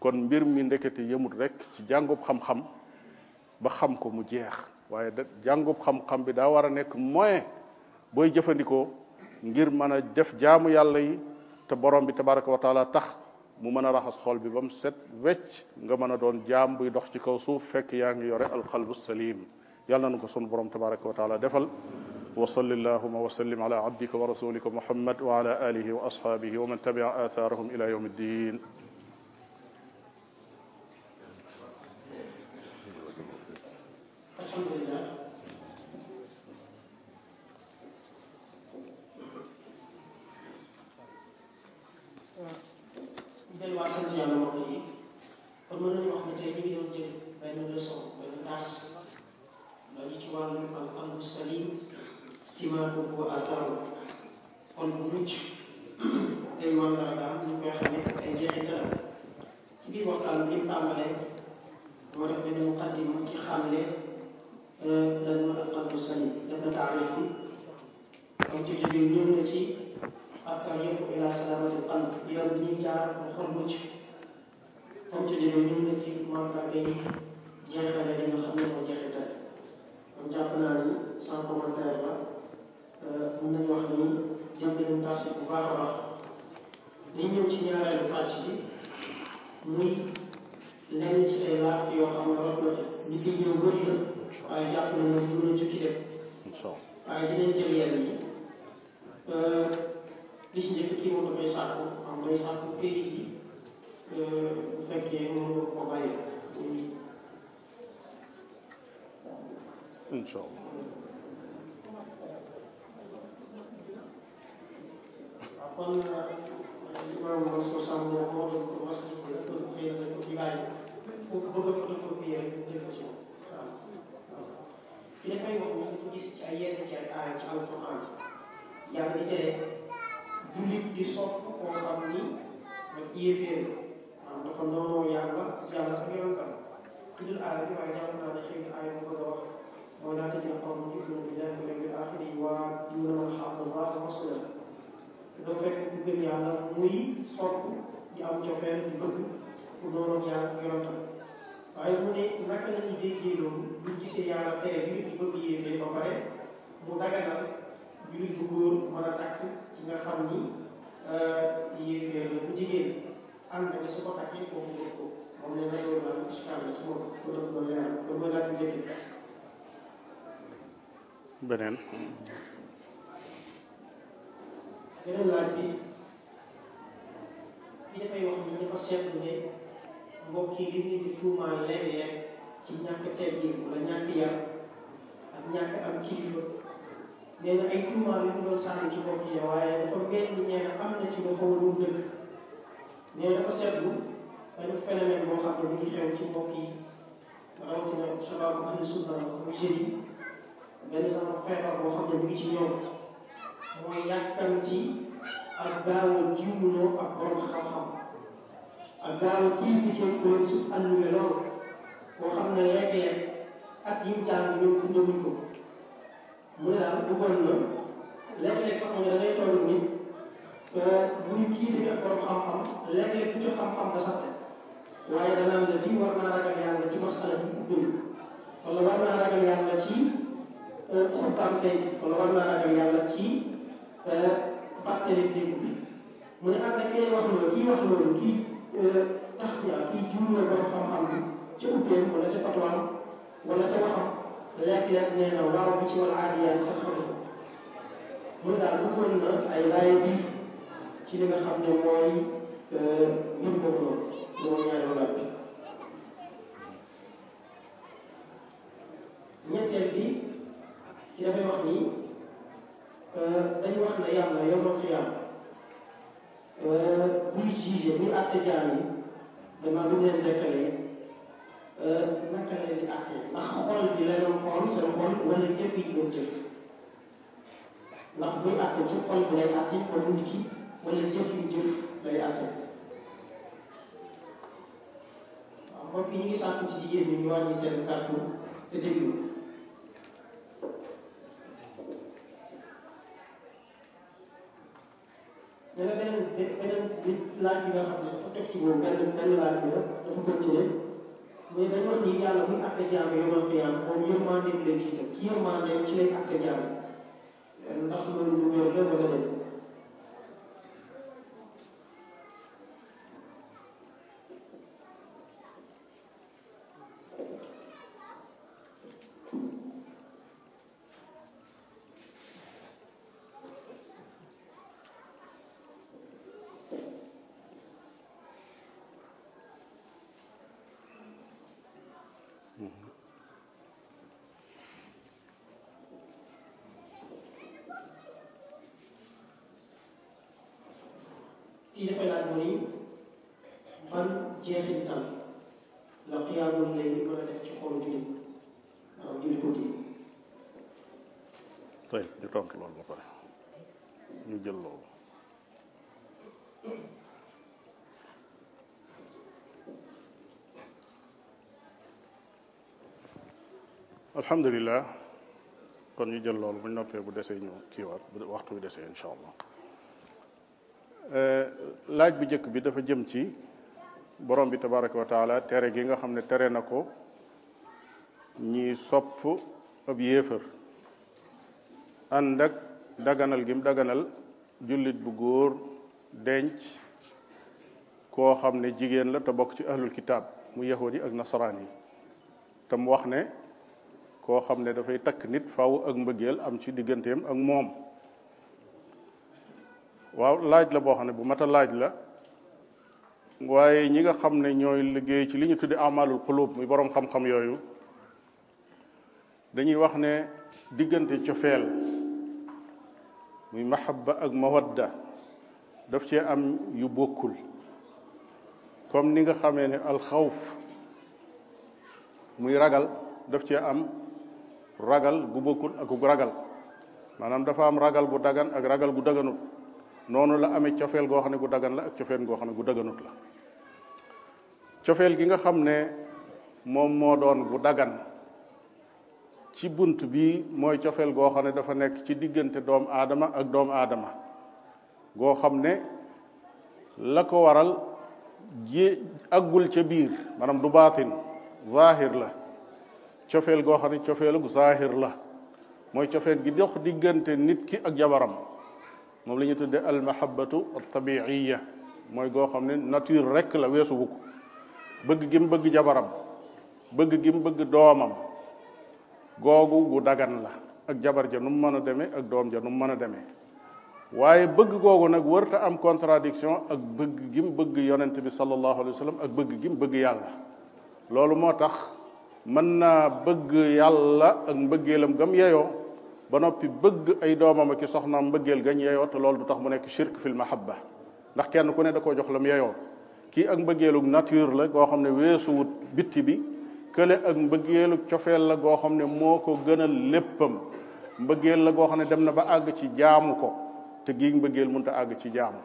kon mbir mi ndekete yëmut rek ci jàngub xam ba xam ko mu jeex waaye da jàngub xam bi daa war a nekk moyen booy jëfandikoo ngir mën a def jaamu yàlla yi te borom bi tabaraka wa taala tax mu mën a raxas xol bi ba mu set wecc nga mën a doon jaam buy dox ci kaw suuf fekk yaa ngi yore alqalbu salim yàlla na ko sunu borom tabaraka wa taala defal wa salli allahuma wa sallim ala abdika wa rasulika muhammad wa ala alihi wa ashabihi wa man tabia athaarahum ila yawm iddin kon mën nañu wax ne tey ñu ngi doon jël benn leçon benn tas ba ñu ci wàllum al qalbu salim simaatuhu ataaru xol bu mucc ay wàndargaam ñu koy xamee ay jeexitalam ci biir waxtaan bi mu tàmbalee moo def benn muqaddima ci xamle lan mooy al qalbu salim dafa taarif bi kon ci jóge ñëw na ci ak tariq ila salaamatil qalb yoon bi ñuy jaar ba xol mucc kon ci jóge ñëw na ci mandarga yi jeexale li nga xam ne moo jeexital jàpp naa ni sans commentaire la euh, mën nañu wax bu baax a baax li ñëw ci muy lenn ci ay laaj yoo xam ne war na ci liggéey ñëw bëri na waaye jàpp na ne mën na jukki def waaye dinañ jël yenn yi euh, li ci incha eh, ah. ah, allah kon imam Mansour Samb moo doon ko mas ko doon ko jël ko ci bàyyi ko bëgg a photocopier rek jël ko ci moom waaw fi dafay wax ñu ko gis ci ay yenn ci ay aaya di tere jullit di sopp ni daf yéeféer waaw dafa noonoo yàlla yàlla ak yoon kan tuddul aaya bi waaye jàpp naa ne xëy na aaya bu bëgg a wax ولا تجعل قوم يؤمنون بالله واليوم الاخر ويؤمنون حق الله ورسوله dafa fekk ku gëm yàlla muy sopp di am cofeel di bëgg ku doonoon yàlla yonantam waaye mu ne naka la ñuy déggee loolu bu gisee yàlla tere julit di bëgg yéefee ba pare mu daganal julit bu góor mën a takk ki nga xam ni euh, yéefee la bu jigéen am na ne su ko takkee foofu bëgg ko moom ne na loolu daal ishkaal la ci moom ko def ko leer loolu mooy laaj bu njëkk beneen beneen laaj bi ki dafay wax ni dafa seetlu ne mbokk yi li ñu di tuumaal léeg-léeg ci ñàkk teggin wala ñàkk yar ak ñàkk am kilifa mel ni am na ci lu lu dëgg nee na dafa seetlu benn phénomène boo xam ne mu ngi xew ci mbokk yi rawatina shabaabu ahlu sunna ak jeunes yi benn genre feebar boo xam ne mu ngi ci ñoom mooy yàkkamti ak gaaw a juumloo ak borom xam-xam ak gaaw a critiqué ku leen su annulé loolu boo xam ne léeg-léeg ak yim jàng ñoom dundaluñ ko mu ne daal bëggoon na léeg-léeg sax moom da ngay toll ni euh, mu ngi critiqué ak borom xam-xam léeg ci xam-xam ba sax waaye danaa ne lii war naa ragal yàlla ci masala bi mu wala war naa ragal yàlla ci. xutbaam tey wala war naa ragal yàlla ci fàttali euh, dégg bi mu ne am na ki lay wax loolu kii wax loolu kii euh, tax ci am kii juum la borom xam-xam bi ca ubbeem wala ca fatwaam wala ca waxam léeg-léeg nee na waaw bi ci wala aadi yaa sax xamu ko mu ne daal bëggoon na ay laay bi ci li nga xam ne mooy euh, mbir boobu noonu loolu ñaari laaj bi ñetteel bi ci dafay wax nii euh, dañ wax ne yàlla yow ma xiyaam euh, buy jugé buy àtte jaam yi damaa buñ leen dekkalee euh, naka la di àtte ndax xool bi la doon xool seen xool wala jëf yi doon jëf ndax buy àtte ci xool bi lay àtte xool nit ki wala jëf yu jëf lay àtte waaw mbokk yi ñu ngi sàkku ci jigéen ñi ñu wàññi seen kàddu te déglu dana beneen beneen nit laaj nga xam ne dafa def ci moom benn benn laaj bi la dafa continué mais dañ wax ni yàlla buy àtte jaam yomal qiyaam moom yërmandeem lay jiital ci yërmandeem ci lay àtte jaam ndax loolu lu wér la wala déet kii dafay laaj mooy ban jeexintal la xiyaamul lay mën a def ci xolu jullit maanaam guddi tey ñu jël loolu kon ñu jël loolu bu noppee bu desee ñu kiiwaat bu waxtu bi desee incha allah Euh, laaj bu jëkk bi dafa jëm ci borom bi tabaraka wa taala tere gi nga xam ne tere na ko ñi sopp ab yéefar ànd ak daganal gim daganal jullit bu góor denc koo xam ne jigéen la te bokk ci ahlul kitaab mu yahud yi ak nasaraan yi te mu wax ne koo xam ne dafay takk nit faaw ak mbëggeel am ci digganteem ak moom waaw laaj la boo xam ne bu mat a laaj la waaye ñi nga xam ne ñooy liggéey ci li ñu tudde amalul xulub muy boroom xam-xam yooyu dañuy wax ne diggante cofeel muy mahabba ak mawadda daf cee am yu bokkul comme ni nga xamee ne alxawf muy ragal daf cee am ragal gu bokkul ak gu ragal maanaam dafa am ragal bu dagan ak ragal gu daganut noonu la amee cofeel goo xam ne gu dagan la ak cofeel xam ne gu daganut la cofeel gi nga xam ne moom moo doon bu dagan ci bunt bi mooy cofeel goo xam ne dafa nekk ci diggante doom aadama ak doomu aadama goo xam ne la ko waral ji aggul ca biir maanaam du baatin zahir la cofeel goo xam ne cofeelu zahir la mooy cofeel gi dox diggante nit ki ak jabaram moom la ñuy tudde almahabatu tabiiya mooy goo xam ne nature rek la weesu wukk bëgg gi mu bëgg jabaram bëgg gi mu bëgg doomam googu gu dagan la ak jabar ja nu mu mën a demee ak doom ja nu mu mën a demee waaye bëgg googu nag wërta am contradiction ak bëgg gi mu bëgg yonent bi sallallahu alayhi wa sallam ak bëgg gi mu bëgg yàlla loolu moo tax mën naa bëgg yàlla ak mbëggeelam gam yeyoo ba noppi bëgg ay doomam ak i mbëggeel gañ yeyoo te loolu du tax mu nekk shirk fil mahabba ndax kenn ku ne da koo jox la mu yeyoo kii ak mbëggeelug nature la goo xam ne weesuwut bitti bi kële ak mbëggeelug cofeel la goo xam ne moo ko gënal léppam mbëggeel la goo xam ne dem na ba àgg ci jaamu ko te gii mbëggeel mënut a àgg ci jaamu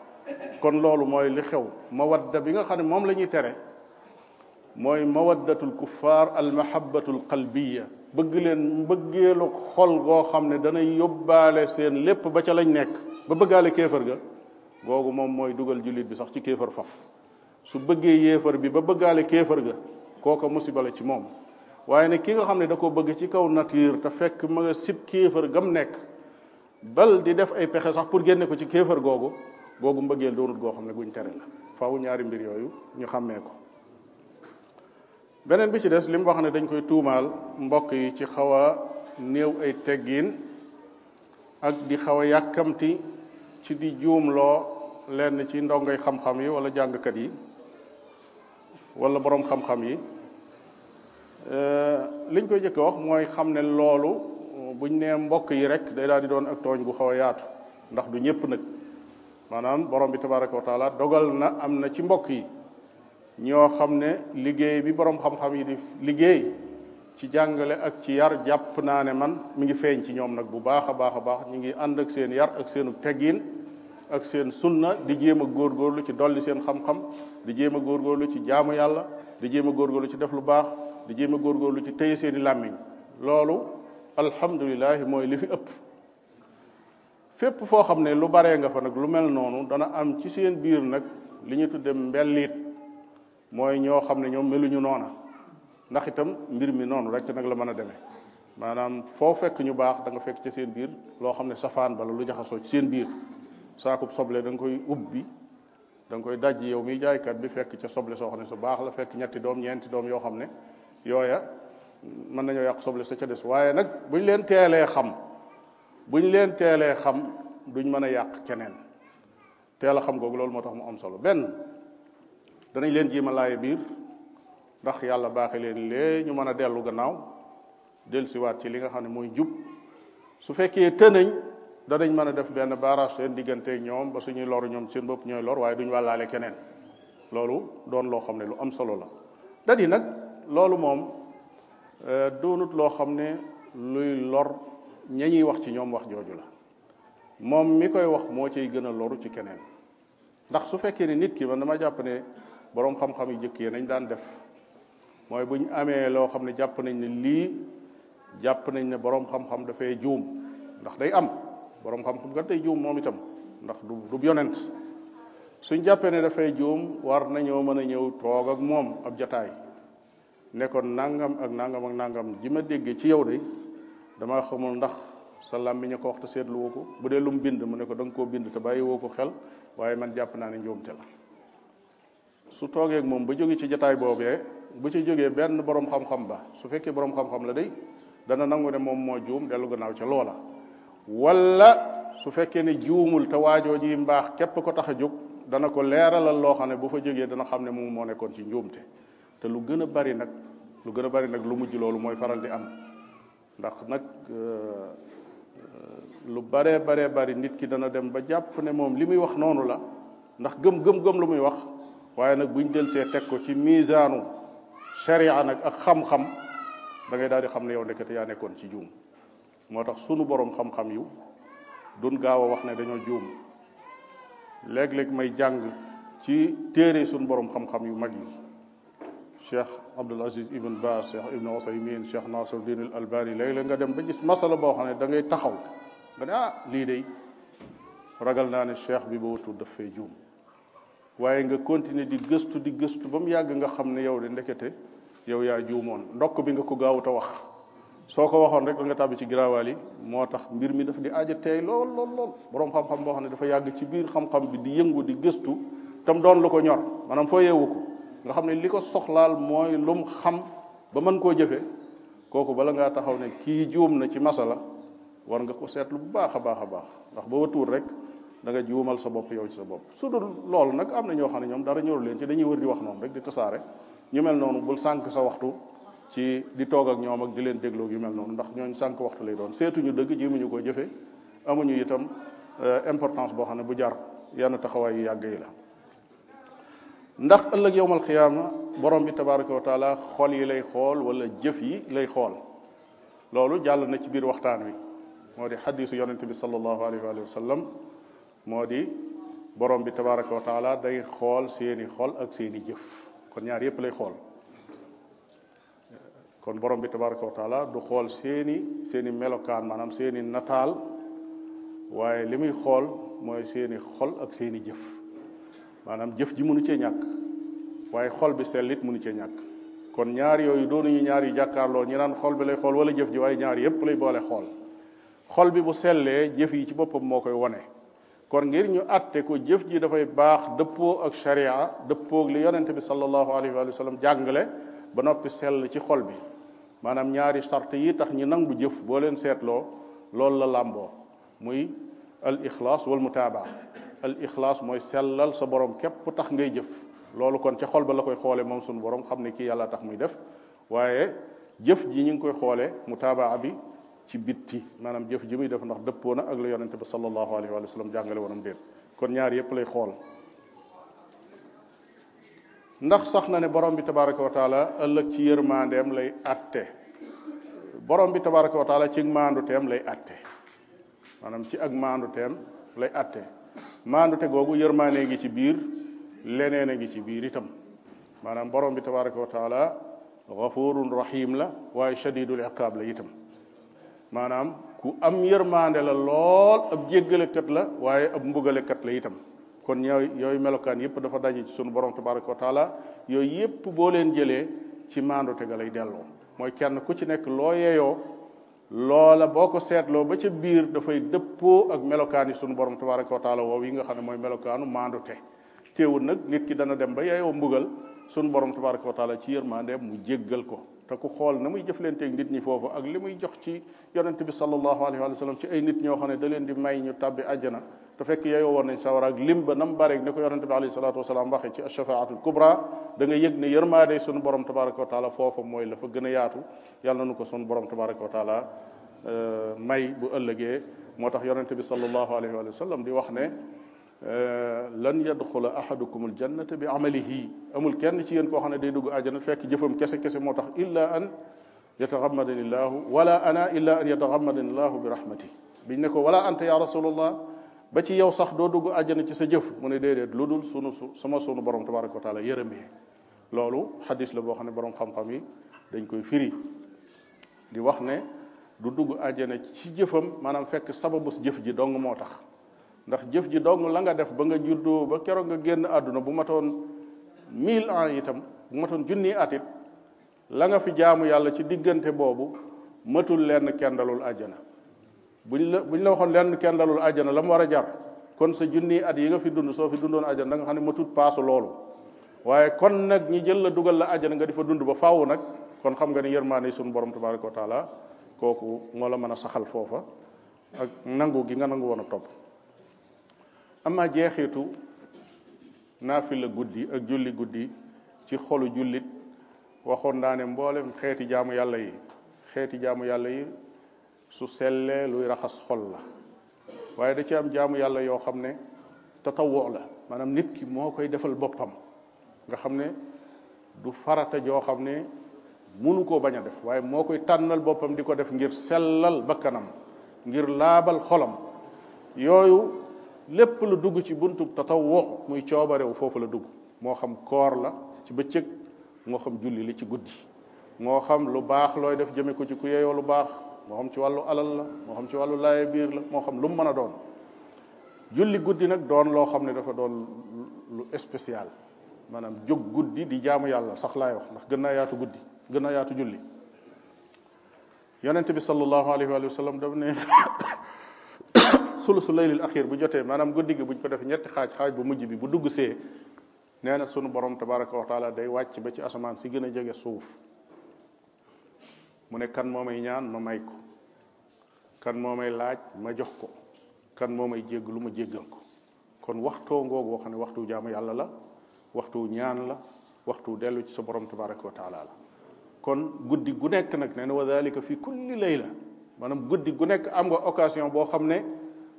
kon loolu mooy li xew mawadda bi nga xam ne moom la ñuy tere mooy mawaddatul kuffaar al mahabbatul qalbiya bëgg leen mbëggeelu xol goo xam ne dana yóbbaale seen lépp ba ca lañ nekk ba bëggaale kéefar ga googu moom mooy dugal jullit bi sax ci kéefar faf su bëggee yéefar bi ba bëggaale kéefar ga kooka musibale ci moom waaye ne ki nga xam ne da ko bëgg ci kaw nature te fekk ma nga sib ga mu nekk bal di def ay pexe sax pour génne ko ci kéefar googu googu mbëggeel doonut goo xam ne guñ tere la faaw ñaari mbir yooyu ñu xàmmee ko beneen bi ci des lim mu wax ne dañ koy tuumaal mbokk yi ci xaw a néew ay teggiin ak di xaw a yàkkamti ci di juumloo lenn ci ndongoy xam-xam yi wala jàngkat yi wala boroom xam-xam yi euh, liñ koy jëkk wax mooy xam ne loolu buñ nee mbokk yi rek day daal di doon ak tooñ bu xaw a yaatu ndax du ñëpp nag maanaam borom bi tabaraka wa dogal na am na ci mbokk yi ñoo xam ne liggéey bi boroom xam-xam yi di liggéey ci jàngale ak ci yar jàpp naa ne man mu ngi feeñ ci ñoom nag bu baax a baax a baax ñu ngi ànd ak seen yar ak seenu teggiin ak seen sunna di jéem a góorgóorlu ci dolli seen xam-xam di jéem a góorgóorlu ci jaamu yàlla di jéem a góorgóorlu ci def lu baax di jéem a góorgóorlu ci téye seeni làmmiñ loolu alhamdulilahi mooy li fi ëpp fépp foo xam ne lu baree nga fa nag lu mel noonu dana am ci seen biir nag li ñu tudde mbellit mooy ñoo xam ne ñoom meluñu noona ndax itam mbir mi noonu rek nag la mën a demee maanaam foo fekk ñu baax da nga fekk ca seen biir loo xam ne safaan bala lu jaxasoo ci seen biir saakub soble da nga koy ubbi da nga koy dajji yow miy jaaykat bi fekk ca soble soo xam ne su baax la fekk ñetti doom ñeenti doom yoo xam ne yooya mën nañoo yàq soble sa ca des waaye nag buñ leen teelee xam buñ leen teelee xam duñ mën a yàq keneen teel a xam googu loolu moo tax mu am solo benn danañ leen jéem biir ndax yàlla baaxe leen lee ñu mën a dellu gannaaw dellusiwaat ci li nga xam ne mooy jub su fekkee tënañ danañ mën a def benn barrage seen diggante ñoom ba suñuy loru ñoom seen bopp ñooy lor waaye duñ wàllaale keneen loolu doon loo xam ne lu am solo la dadi nag loolu moom euh, doonut loo xam ne luy lor ña ñuy wax ci ñoom wax jooju la moom mi koy wax moo ciy gën a loru ci keneen ndax su fekkee ne nit ki man dama jàpp ne boroom xam-xam yu jëkk yi nañ daan def mooy bu ñu amee loo xam ne jàpp nañ ne lii jàpp nañ ne boroom xam-xam dafay juum ndax day am boroom xam-xam kat day juum moom itam ndax du du yonent suñ jàppee ne dafay juum war nañoo mën a ñëw toog ak moom ab jataay ne ko nangam ak nangam ak nangam ji ma déggee ci yow de dama xamul ndax sa làmmiñ ko wax te seetlu woo ko bu dee lu bind mu ne ko danga koo bind te bàyyi woo ko xel waaye man jàpp naa ne njuumte la su toogeek moom ba jóge ci jataay boobee bu ci jógee benn borom xam-xam ba su fekkee borom xam-xam la day dana nangu ne moom moo juum dellu gannaaw ca loola wala su fekkee ne juumul te waajoo ji mbaax képp ko tax a jóg dana ko leeralal loo xam ne bu fa jógee dana xam ne moom moo nekkoon ci njuumte te lu gën a bari nag lu gën a bari nag lu mujj loolu mooy faral di am ndax nag euh, euh, lu baree baree bari nit ki dana dem ba jàpp ne moom li muy wax noonu la ndax gëm gëm gëm lu muy wax waaye nag bu ñu del see teg ko ci misaanu sharia nag ak xam-xam da ngay daal di xam ne yow ndekete yaa nekkoon ci juum moo tax sunu boroom xam-xam yu dun gaaw a wax ne dañoo juum léeg-léeg may jàng ci téere sunu borom xam-xam yu mag yi cheikh Abdul Aziz Ibn Baaz cheikh Ibn Usaymin cheikh Nasiruddin al Albani léeg-léeg nga dem ba gis masala boo xam ne da ngay taxaw nga ne ah lii de ragal naa ne cheikh bi ba wutul daf fee juum. waaye nga continuer di gëstu di gëstu ba mu yàgg nga xam ne yow de ndekete yow yaa juumoon ndokk bi nga ko gaawut a wax soo ko waxoon rek da nga tàbbi ci giraawaal yi moo tax mbir mi dafa di aaja teey lool lool lool boroom xam-xam boo xam ne dafa yàgg ci biir xam bi di yëngu di gëstu tam doon lu ko ñor maanaam foo yeewu ko nga xam ne li ko soxlaal mooy lum xam ba mën koo jëfe kooku bala ngaa taxaw ne kii juum na ci masala war nga ko seetlu bu baax a baax a baax ndax ba watuur rek danga nga juumal sa bopp yow ci sa bopp su dul loolu nag am na ñoo xam ne ñoom dara ñoru leen ci dañuy wër di wax noonu rek di tasaare ñu mel noonu bul sànq sa waxtu ci di toog ak ñoom ak di leen dégloog yu mel noonu ndax ñooñ sànq waxtu lay doon seetuñu dëgg ñu ko jëfe amuñu itam euh, importance boo xam ne bu jar yenn taxawaay yu yàgg yi la ndax ëllëg yowmal xiyaama borom bi tabaraka wa taala xol yi lay xool wala jëf yi lay xool loolu jàll na ci biir waxtaan wi moo di xadisu yonente bi sallallahu alayhi moo di borom bi tabaraka wa day xool seeni xool ak seeni jëf kon ñaar yépp lay xool kon borom bi tabaraka wa du xool seeni seeni melokaan maanaam seeni nataal waaye li muy xool mooy seeni xol ak seeni jëf maanaam jëf ji mënu cee ñàkk waaye xol bi sellit mënu cee ñàkk kon ñaar yooyu doonuñu ñaar yu jàkkaarloo ñi naan xool bi lay xool wala jëf ji waaye ñaar yépp lay boole xool xol bi bu sellee jëf yi ci boppam moo koy wone kon ngir ñu atte ko jëf ji dafay baax dëppoo ak sharia dëppoo ak li yonent bi sallallahu alayhi wa sallam jàngale ba noppi sell ci xol bi maanaam ñaari sart yi tax ñi nangu jëf boo leen seetloo loolu la làmboo muy al ixlaas wal mutaabaa al ixlaas mooy sellal sa borom képp tax ngay jëf loolu kon ca xol ba la koy xoole moom suñu borom xam ne kii yàlla tax muy def waaye jëf ji ñu ngi koy xoole mutaabaa bi ci bitti maanaam jëf ji def ndax dëppoo na ak la yonente ba sallallahu alayhi wa sallam jàngale woonam déet kon ñaar yépp lay xool ndax sax na ne borom bi tabaraka wa taala ëllëg ci yërmandeem lay atte borom bi tabaraka wa ci maandu teem lay atte maanaam ci ak maandu lay atte maandu googu yërmaandee ngi ci biir leneen a ngi ci biir itam maanaam borom bi tabaraka wa taala gafurun rahim la waaye shadidul iqaab la itam maanaam ku am yërmaande la lool ab jéggalekat la waaye ab mbugalekat la itam kon ñooy yooyu melokaan yëpp dafa daje ci sunu borom tabaraka wa taala yooyu yëpp boo leen jëlee ci maandu ga lay delloo mooy kenn ku ci nekk loo yeeyoo loola boo ko seetloo ba ca biir dafay dëppoo ak melokaan yi sunu borom tabaraka wa taala yi nga xam ne mooy melokaanu maandu te nag nit ki dana dem ba yeeyoo mbugal sunu borom tabaraka wa taala ci yërmaande mu jéggal ko te ku xool na muy jëf jëflanteeg nit ñi foofu ak li muy jox ci yonent bi sallallahu alayhi wa sallam ci ay nit ñoo xam ne da leen di may ñu tàbbi àjjana te fekk yeyoo woon nañ sawara ak lim ba nam bareeg ni ko yonent bi alayhi salatu wasalaam waxee ci ashafaatul kubra da nga yëg ne yërmaade sunu borom tabaraka wa taala foofa mooy la fa gën a yaatu yàlla nu ko sunu borom tabaraka wa taala euh, may bu ëllëgee moo tax yonent bi sallallahu alayhi wa sallam di wax ne lan yadxula ahadukum aljannata bi amalihi amul kenn ci yéen koo xam ne day dugg àjjana fekk jëfam kese kese moo tax illa an yataxammadani llahu wala ana illa an yataxammadani llahu bi rahmati biñ ne ko wala anta ya rasulallah ba ci yow sax doo dugg àjjana ci sa jëf mu ne déedéet lu dul sunu su sama sunu borom tabaraka wa taala yërëmee loolu xadis la boo xam ne borom xam yi dañ koy firi di wax ne du dugg àjjana ci jëfam maanaam fekk sababus jëf ji dong moo tax ndax jëf ji dong la nga def ba nga juddoo ba keroog nga génn àdduna bu matoon mille ans itam bu matoon junni at it la nga fi jaamu yàlla ci diggante boobu matul lenn kendalul àjjana buñ la buñ la waxoon lenn kendalul àjjana la mu war a jar kon sa junni at yi nga fi dund soo fi dundoon àjjana da nga xam ne matul paasu loolu waaye kon nag ñi jël la dugal la àjjana nga di fa dund ba faaw nag kon xam nga ni yërmaane sunu borom tabaraka wa taala kooku moo la mën a saxal foofa ak nangu gi nga nangu a topp amaa jeexitu naafila guddi ak julli guddi ci xolu jullit waxoon naa ne mboolem xeeti jaamu yàlla yi xeeti jaamu yàlla yi su sellee luy raxas xol la waaye da ci am jaamu yàlla yoo xam ne woo la maanaam nit ki moo koy defal boppam nga xam ne du farata joo xam ne munu koo bañ a def waaye moo koy tànnal boppam di ko def ngir sellal bakkanam ngir laabal xolam yooyu lépp lu dugg ci buntub tatawwu muy coobarewu foofu la dugg moo xam koor la ci bëccëg moo xam julli li ci guddi moo xam lu baax looy def jëme ko ci ku yeyoo lu baax moo xam ci wàllu alal la moo xam ci wàllu laaye biir la moo xam lu mu mën a doon julli guddi nag doon loo xam ne dafa doon lu spécial maanaam jóg guddi di jaamu yàlla sax laay wax ndax gën naa yaatu guddi gën naa yaatu julli yonent bi sallallahu alayhi wa sallam ne su laylil axir bu jotee maanaam guddi gi buñ ko defee ñetti xaaj xaaj bu mujj bi bu dugg see nee na sunu borom tabaraka wa taala day wàcc ba ci asamaan si gën a jege suuf mu ne kan moom ay ñaan ma may ko kan moom ay laaj ma jox ko kan moom ay jégg lu ma jéggal ko kon waxtoo ngoog xam ne waxtu jaamu yàlla la waxtu ñaan la waxtu dellu ci sa borom tabaraka wa kon guddi gu nekk nag nee na wa dalika fi kulli layla maanaam guddi gu nekk am nga occasion boo xam ne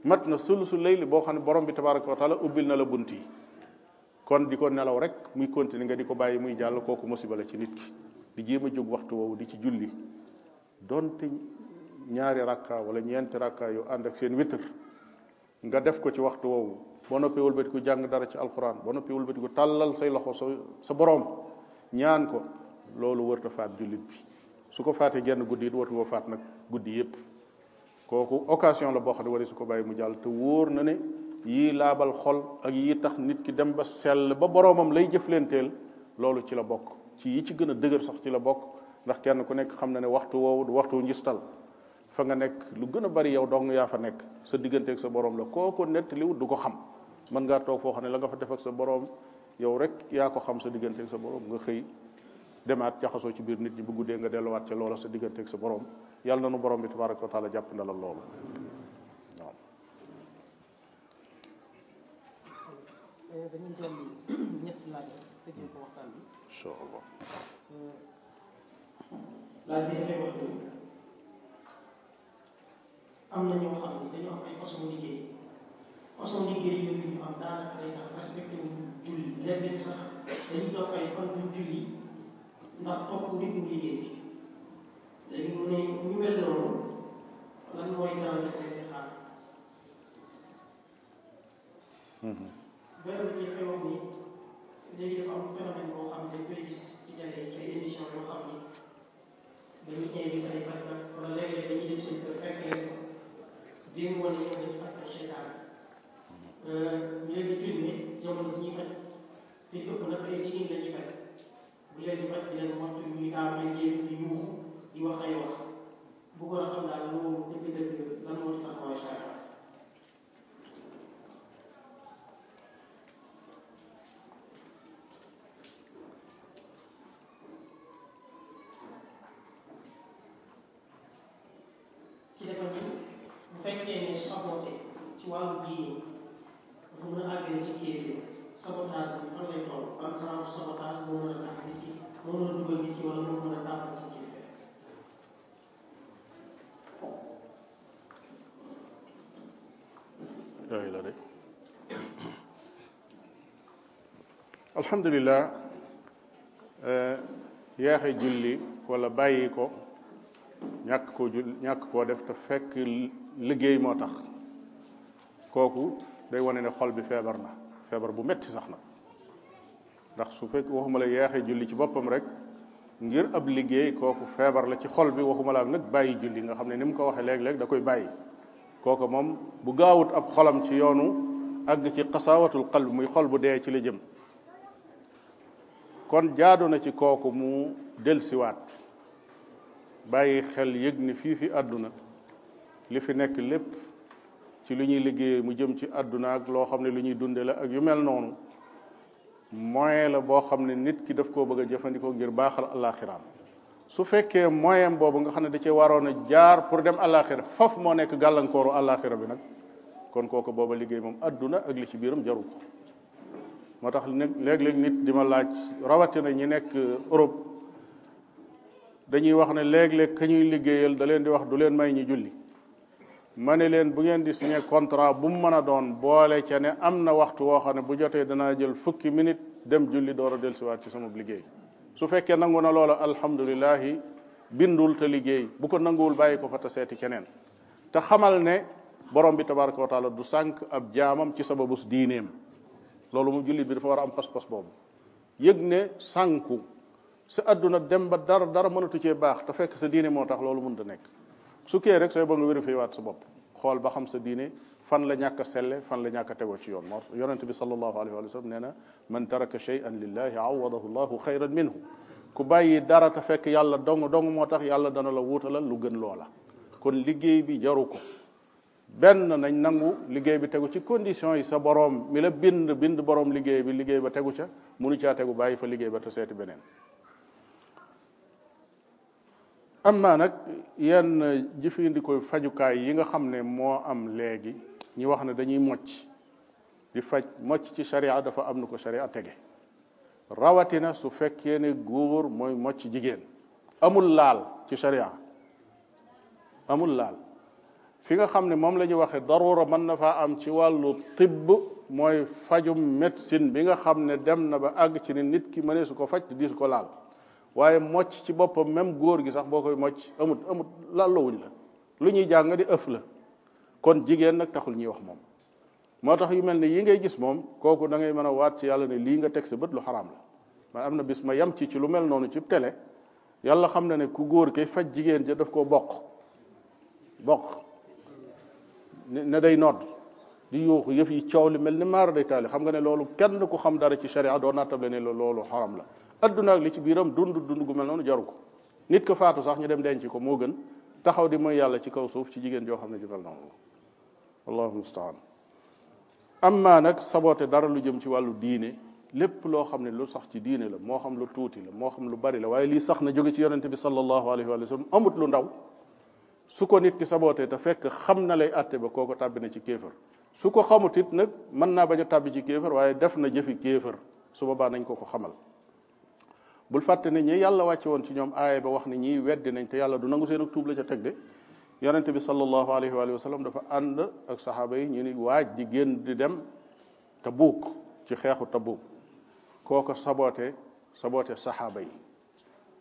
mat na su layli boo xam ne borom bi tabaraka wa taala ubbil na la bunt yi kon di ko nelaw rek muy continuer nga di ko bàyyi muy jàll kooku musiba la ci nit ki di jéem a jóg waxtu woowu di ci julli donte ñaari rakka wala ñeenti rakka yu ànd ak seen nga def ko ci waxtu woowu boo noppee wëlbati ko jàng dara ci alxuraan ba noppee wëlbati ko tàllal say loxo sa sa borom ñaan ko loolu wërta faat jullit bi su ko faatee genn guddi it wërtu ko faat nag guddi yépp kooku occasion la boo xam ne wari su ko bàyyi mu jàll te wóor na ne yii laabal xol ak yii tax nit ki dem ba sell ba boroomam lay jëflenteel loolu ci la bokk ci yi ci gën a dëgër sax ci la bokk ndax kenn ku nekk xam na ne waxtu woowu waxtu njistal fa nga nekk lu gën a bari yow dong yaa fa nekk sa digganteek sa borom la kooku nettaliwut du ko xam mën ngaa toog foo xam ne la nga fa def ak sa borom yow rek yaa ko xam sa digganteeg sa borom nga xëy demaat jaxasoo ci biir nit ñi bu guddee nga delluwaat ca loola sa digganteeg sa borom yàlla na nu borom bi tabaraka wa taala jàpp ndalal loolu waaw. Euh, wax ni am na ñoo xam ne dañoo am ay façon liggéey liggéey yooyu ñu am daanaka day tax respecté wu julli léeg sax dañuy topp ay fan yu julli ndax topp ndiggu liggéey léegi mu ne ñu mel noonu lan mooy danger bi leen di xaar. Mhm. benn bi dafay wax ni léegi dafa am phénomène boo xam ne dañ koy gis ci télé ci ay émission yoo xam ni dañuy invité ay fàttali wala léeg-léeg dañuy dem seen kër fekk leen démb wala ñoom dañuy fàttali seytaan ñu leen di mhm. euh, filmé jamono ji ñuy faj te ëpp nag ay jigéen la ñuy faj bu leen di faj di leen waxtu ñuy daal ay jéem di yuuxu di wax ay wax bëggoon a xam daal moom dëgg-dëgg lan moo ci taxawaay saa alhamdulilah eh, yaaxe julli wala bàyyi ko ñàkk koo jul ñàkk koo def te fekk liggéey moo tax kooku day wane ne xol bi feebar na feebar bu metti sax na ndax su fekk waxuma la yaaxe julli ci boppam rek ngir ab liggéey kooku feebar la ci xol bi waxuma la ak nag bàyyi julli nga xam ne ni mu ko waxee léeg-léeg da koy bàyyi kooku moom bu gaawut ab xolam ci yoonu àgg ci xasaawatul qalb muy xol bu dee ci la jëm kon jaadu na ci kooku mu delsiwaat bàyyi xel yëg ni fii fi àdduna li fi nekk lépp ci lu ñuy liggéey mu jëm ci àdduna ak loo xam ne lu ñuy dunde la ak yu mel noonu moyen la boo xam ne nit ki daf koo bëgg a jëfandikoo ngir baaxal alaxiraam su fekkee moyen boobu nga xam ne da cee waroon a jaar pour dem alaxira faf moo nekk gàllankooru alaxira bi nag kon kooku boobu liggéey moom àdduna ak li ci biiram jaru ko moo tax léeg-léeg nit di ma laaj rawatina ñi nekk Europe dañuy wax ne léeg-léeg ka ñuy liggéeyal da leen di wax du leen may ñu julli ma ne leen bu ngeen di signé contrat bu mu mën a doon boole ca ne am na waxtu woo xam ne bu jotee danaa jël fukki minute dem julli door a dellusiwaat ci sama liggéey su fekkee nangu na loola alhamdulilahi bindul te liggéey bu ko nanguwul bàyyi ko fa te seeti keneen te xamal ne borom bi tabaraka wa taala du sànq ab jaamam ci sababus diineem loolu mu jullit bi dafa war a am pas-pas boobu yëg ne sànku sa adduna dem ba dara dara mënatu cee baax te fekk sa diine moo tax loolu mënut a nekk su kee rek sooy ba nga vérifié waat sa bopp xool ba xam sa diine fan la ñàkk a selle fan la ñàkk a tegoo ci yoon moo yonent bi sallallahu alayhi wa sallam nee na man taraka shay'an lillahi awadahu llahu xayran minhu ku bàyyi dara te fekk yàlla dong dong moo tax yàlla dana la wuutalal lu gën loola kon liggéey bi jaru ko benn nañ nangu liggéey bi tegu ci condition yi sa boroom mi la bind bind boroom liggéey bi liggéey ba tegu ca munu caa tegu bàyyi fa liggéey ba te seeti beneen am naa nag yenn jëfandikoo fajukaay yi nga xam ne moo am léegi ñi wax ne dañuy mocc di faj mocc ci sharia dafa am na ko sharia tege rawatina su fekkee ne góor mooy mocc jigéen amul laal ci sharia amul laal fi nga xam ne moom lañuy waxee waxee darura mën na faa am ci wàllu tibb mooy fajum médecine bi nga xam ne dem na ba àgg ci ni nit ki mënee su ko faj te diisu ko laal waaye mocc ci boppam même góor gi sax boo koy mocc amut amut lallowuñ la lu ñuy jàng di ëf la kon jigéen nag taxul ñuy wax moom moo tax yu mel ne yi ngay gis moom kooku da ngay mën a waat ci yàlla ne lii nga teg sa bët lu xaraam la man am na bis ma yam ci ci lu mel noonu ci tele yàlla xam na ne ku góor kay faj jigéen ja daf koo bokk bokk ne day noot di yuuxu yëf yi coow li mel ne maara day taali xam nga ne loolu kenn ku xam dara ci sharia doo nattable ne loolu xaram la adduna li ci biiram dund dund gu mel noonu jaru ko nit ko faatu sax ñu dem denc ko moo gën taxaw di mooy yàlla ci kaw suuf ci jigéen joo xam ne ju mel noonu allahu mustaan amma nag saboté dara lu jëm ci wàllu diine lépp loo xam ne lu sax ci diine la moo xam lu tuuti la moo xam lu bari la waaye lii sax na jóge ci yonente bi sallallahu alayhi wa sallam amut lu ndaw su ko nit ki sabootee te fekk xam na lay àtte ba kooko tàbbi na ci kéefër su ko xamut it nag mën naa bañ a tàbbi ci kéefër waaye def na jëfi kéefër su boobaa nañ ko ko xamal bul fàtte ne ñi yàlla wàcce woon ci ñoom aaya ba wax ne ñii weddi nañ te yàlla du nangu seen ak tuub la ca teg de yonente bi sallallahu alayhi wa sallam dafa ànd ak saxaaba yi ñu ni waaj di génn di dem buuk ci xeexu Tabuk kooko saboote saboote saxaaba yi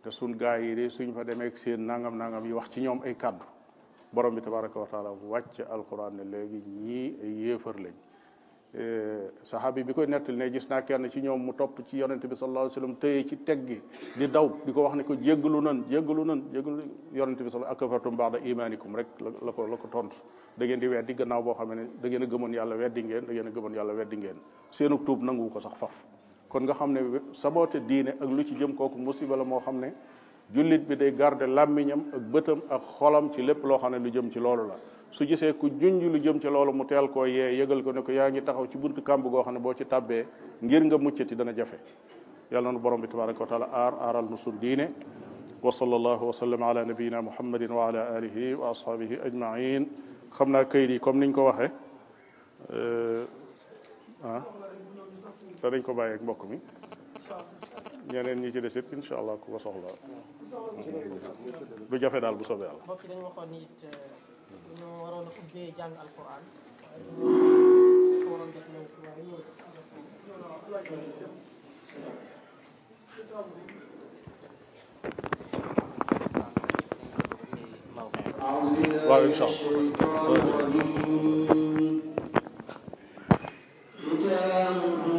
te sun gaa yi de suñ demee ak nangam nangam yi wax ci ñoom ay kàddu borom bi tabaraka wa taala wàcc alquran ne léegi ñii ay yéefar lañ eh, saxaabi bi koy nettali ne gis naa kenn ci ñoom mu topp ci yonente bi sax alayhi wasallam tëye ci teg gi di daw di ko wax ne ko jéggalu nan jéggalu nan jéggalu yonente bi sallallahu ak kafartum ba'da imanikum rek la ko la ko tontu da ngeen di weddi gannaaw boo xam ne da ngeen a gëmoon yàlla weddi ngeen da ngeen a gëmoon yàlla weddi ngeen seenu tuub nangu ko sax faf kon nga xam ne saboote diine ak lu ci jëm kooku musiba la moo xam ne jullit bi day garder làmmiñam ak bëtam ak xolam ci lépp loo xam ne lu jëm ci loolu la su gisee ku junj lu jëm ci loolu mu teel ko yee yëgal ko ne ko yaa ngi taxaw ci bunt kàmb goo xam ne boo ci tàbbee ngir nga muccati dana jafe yàlla na borom bi tabaraka wa taala aar aaral nu sun diine wa sallallahu wa sallam ala nabiyina muhammadin wa ala alihi wa ashaabihi ajmain xam naa kayit yi comme niñ ko waxe eh, ah danañ ko bàyyeeg mbokk mi ñeneen ñi ci des it incha allah ku ko soxla du jafe daal bu soobee yàlla. mbokk yi dañu waxoon ni it euh, ñu waroon a ubbee jàng alquran. waaw incha allah.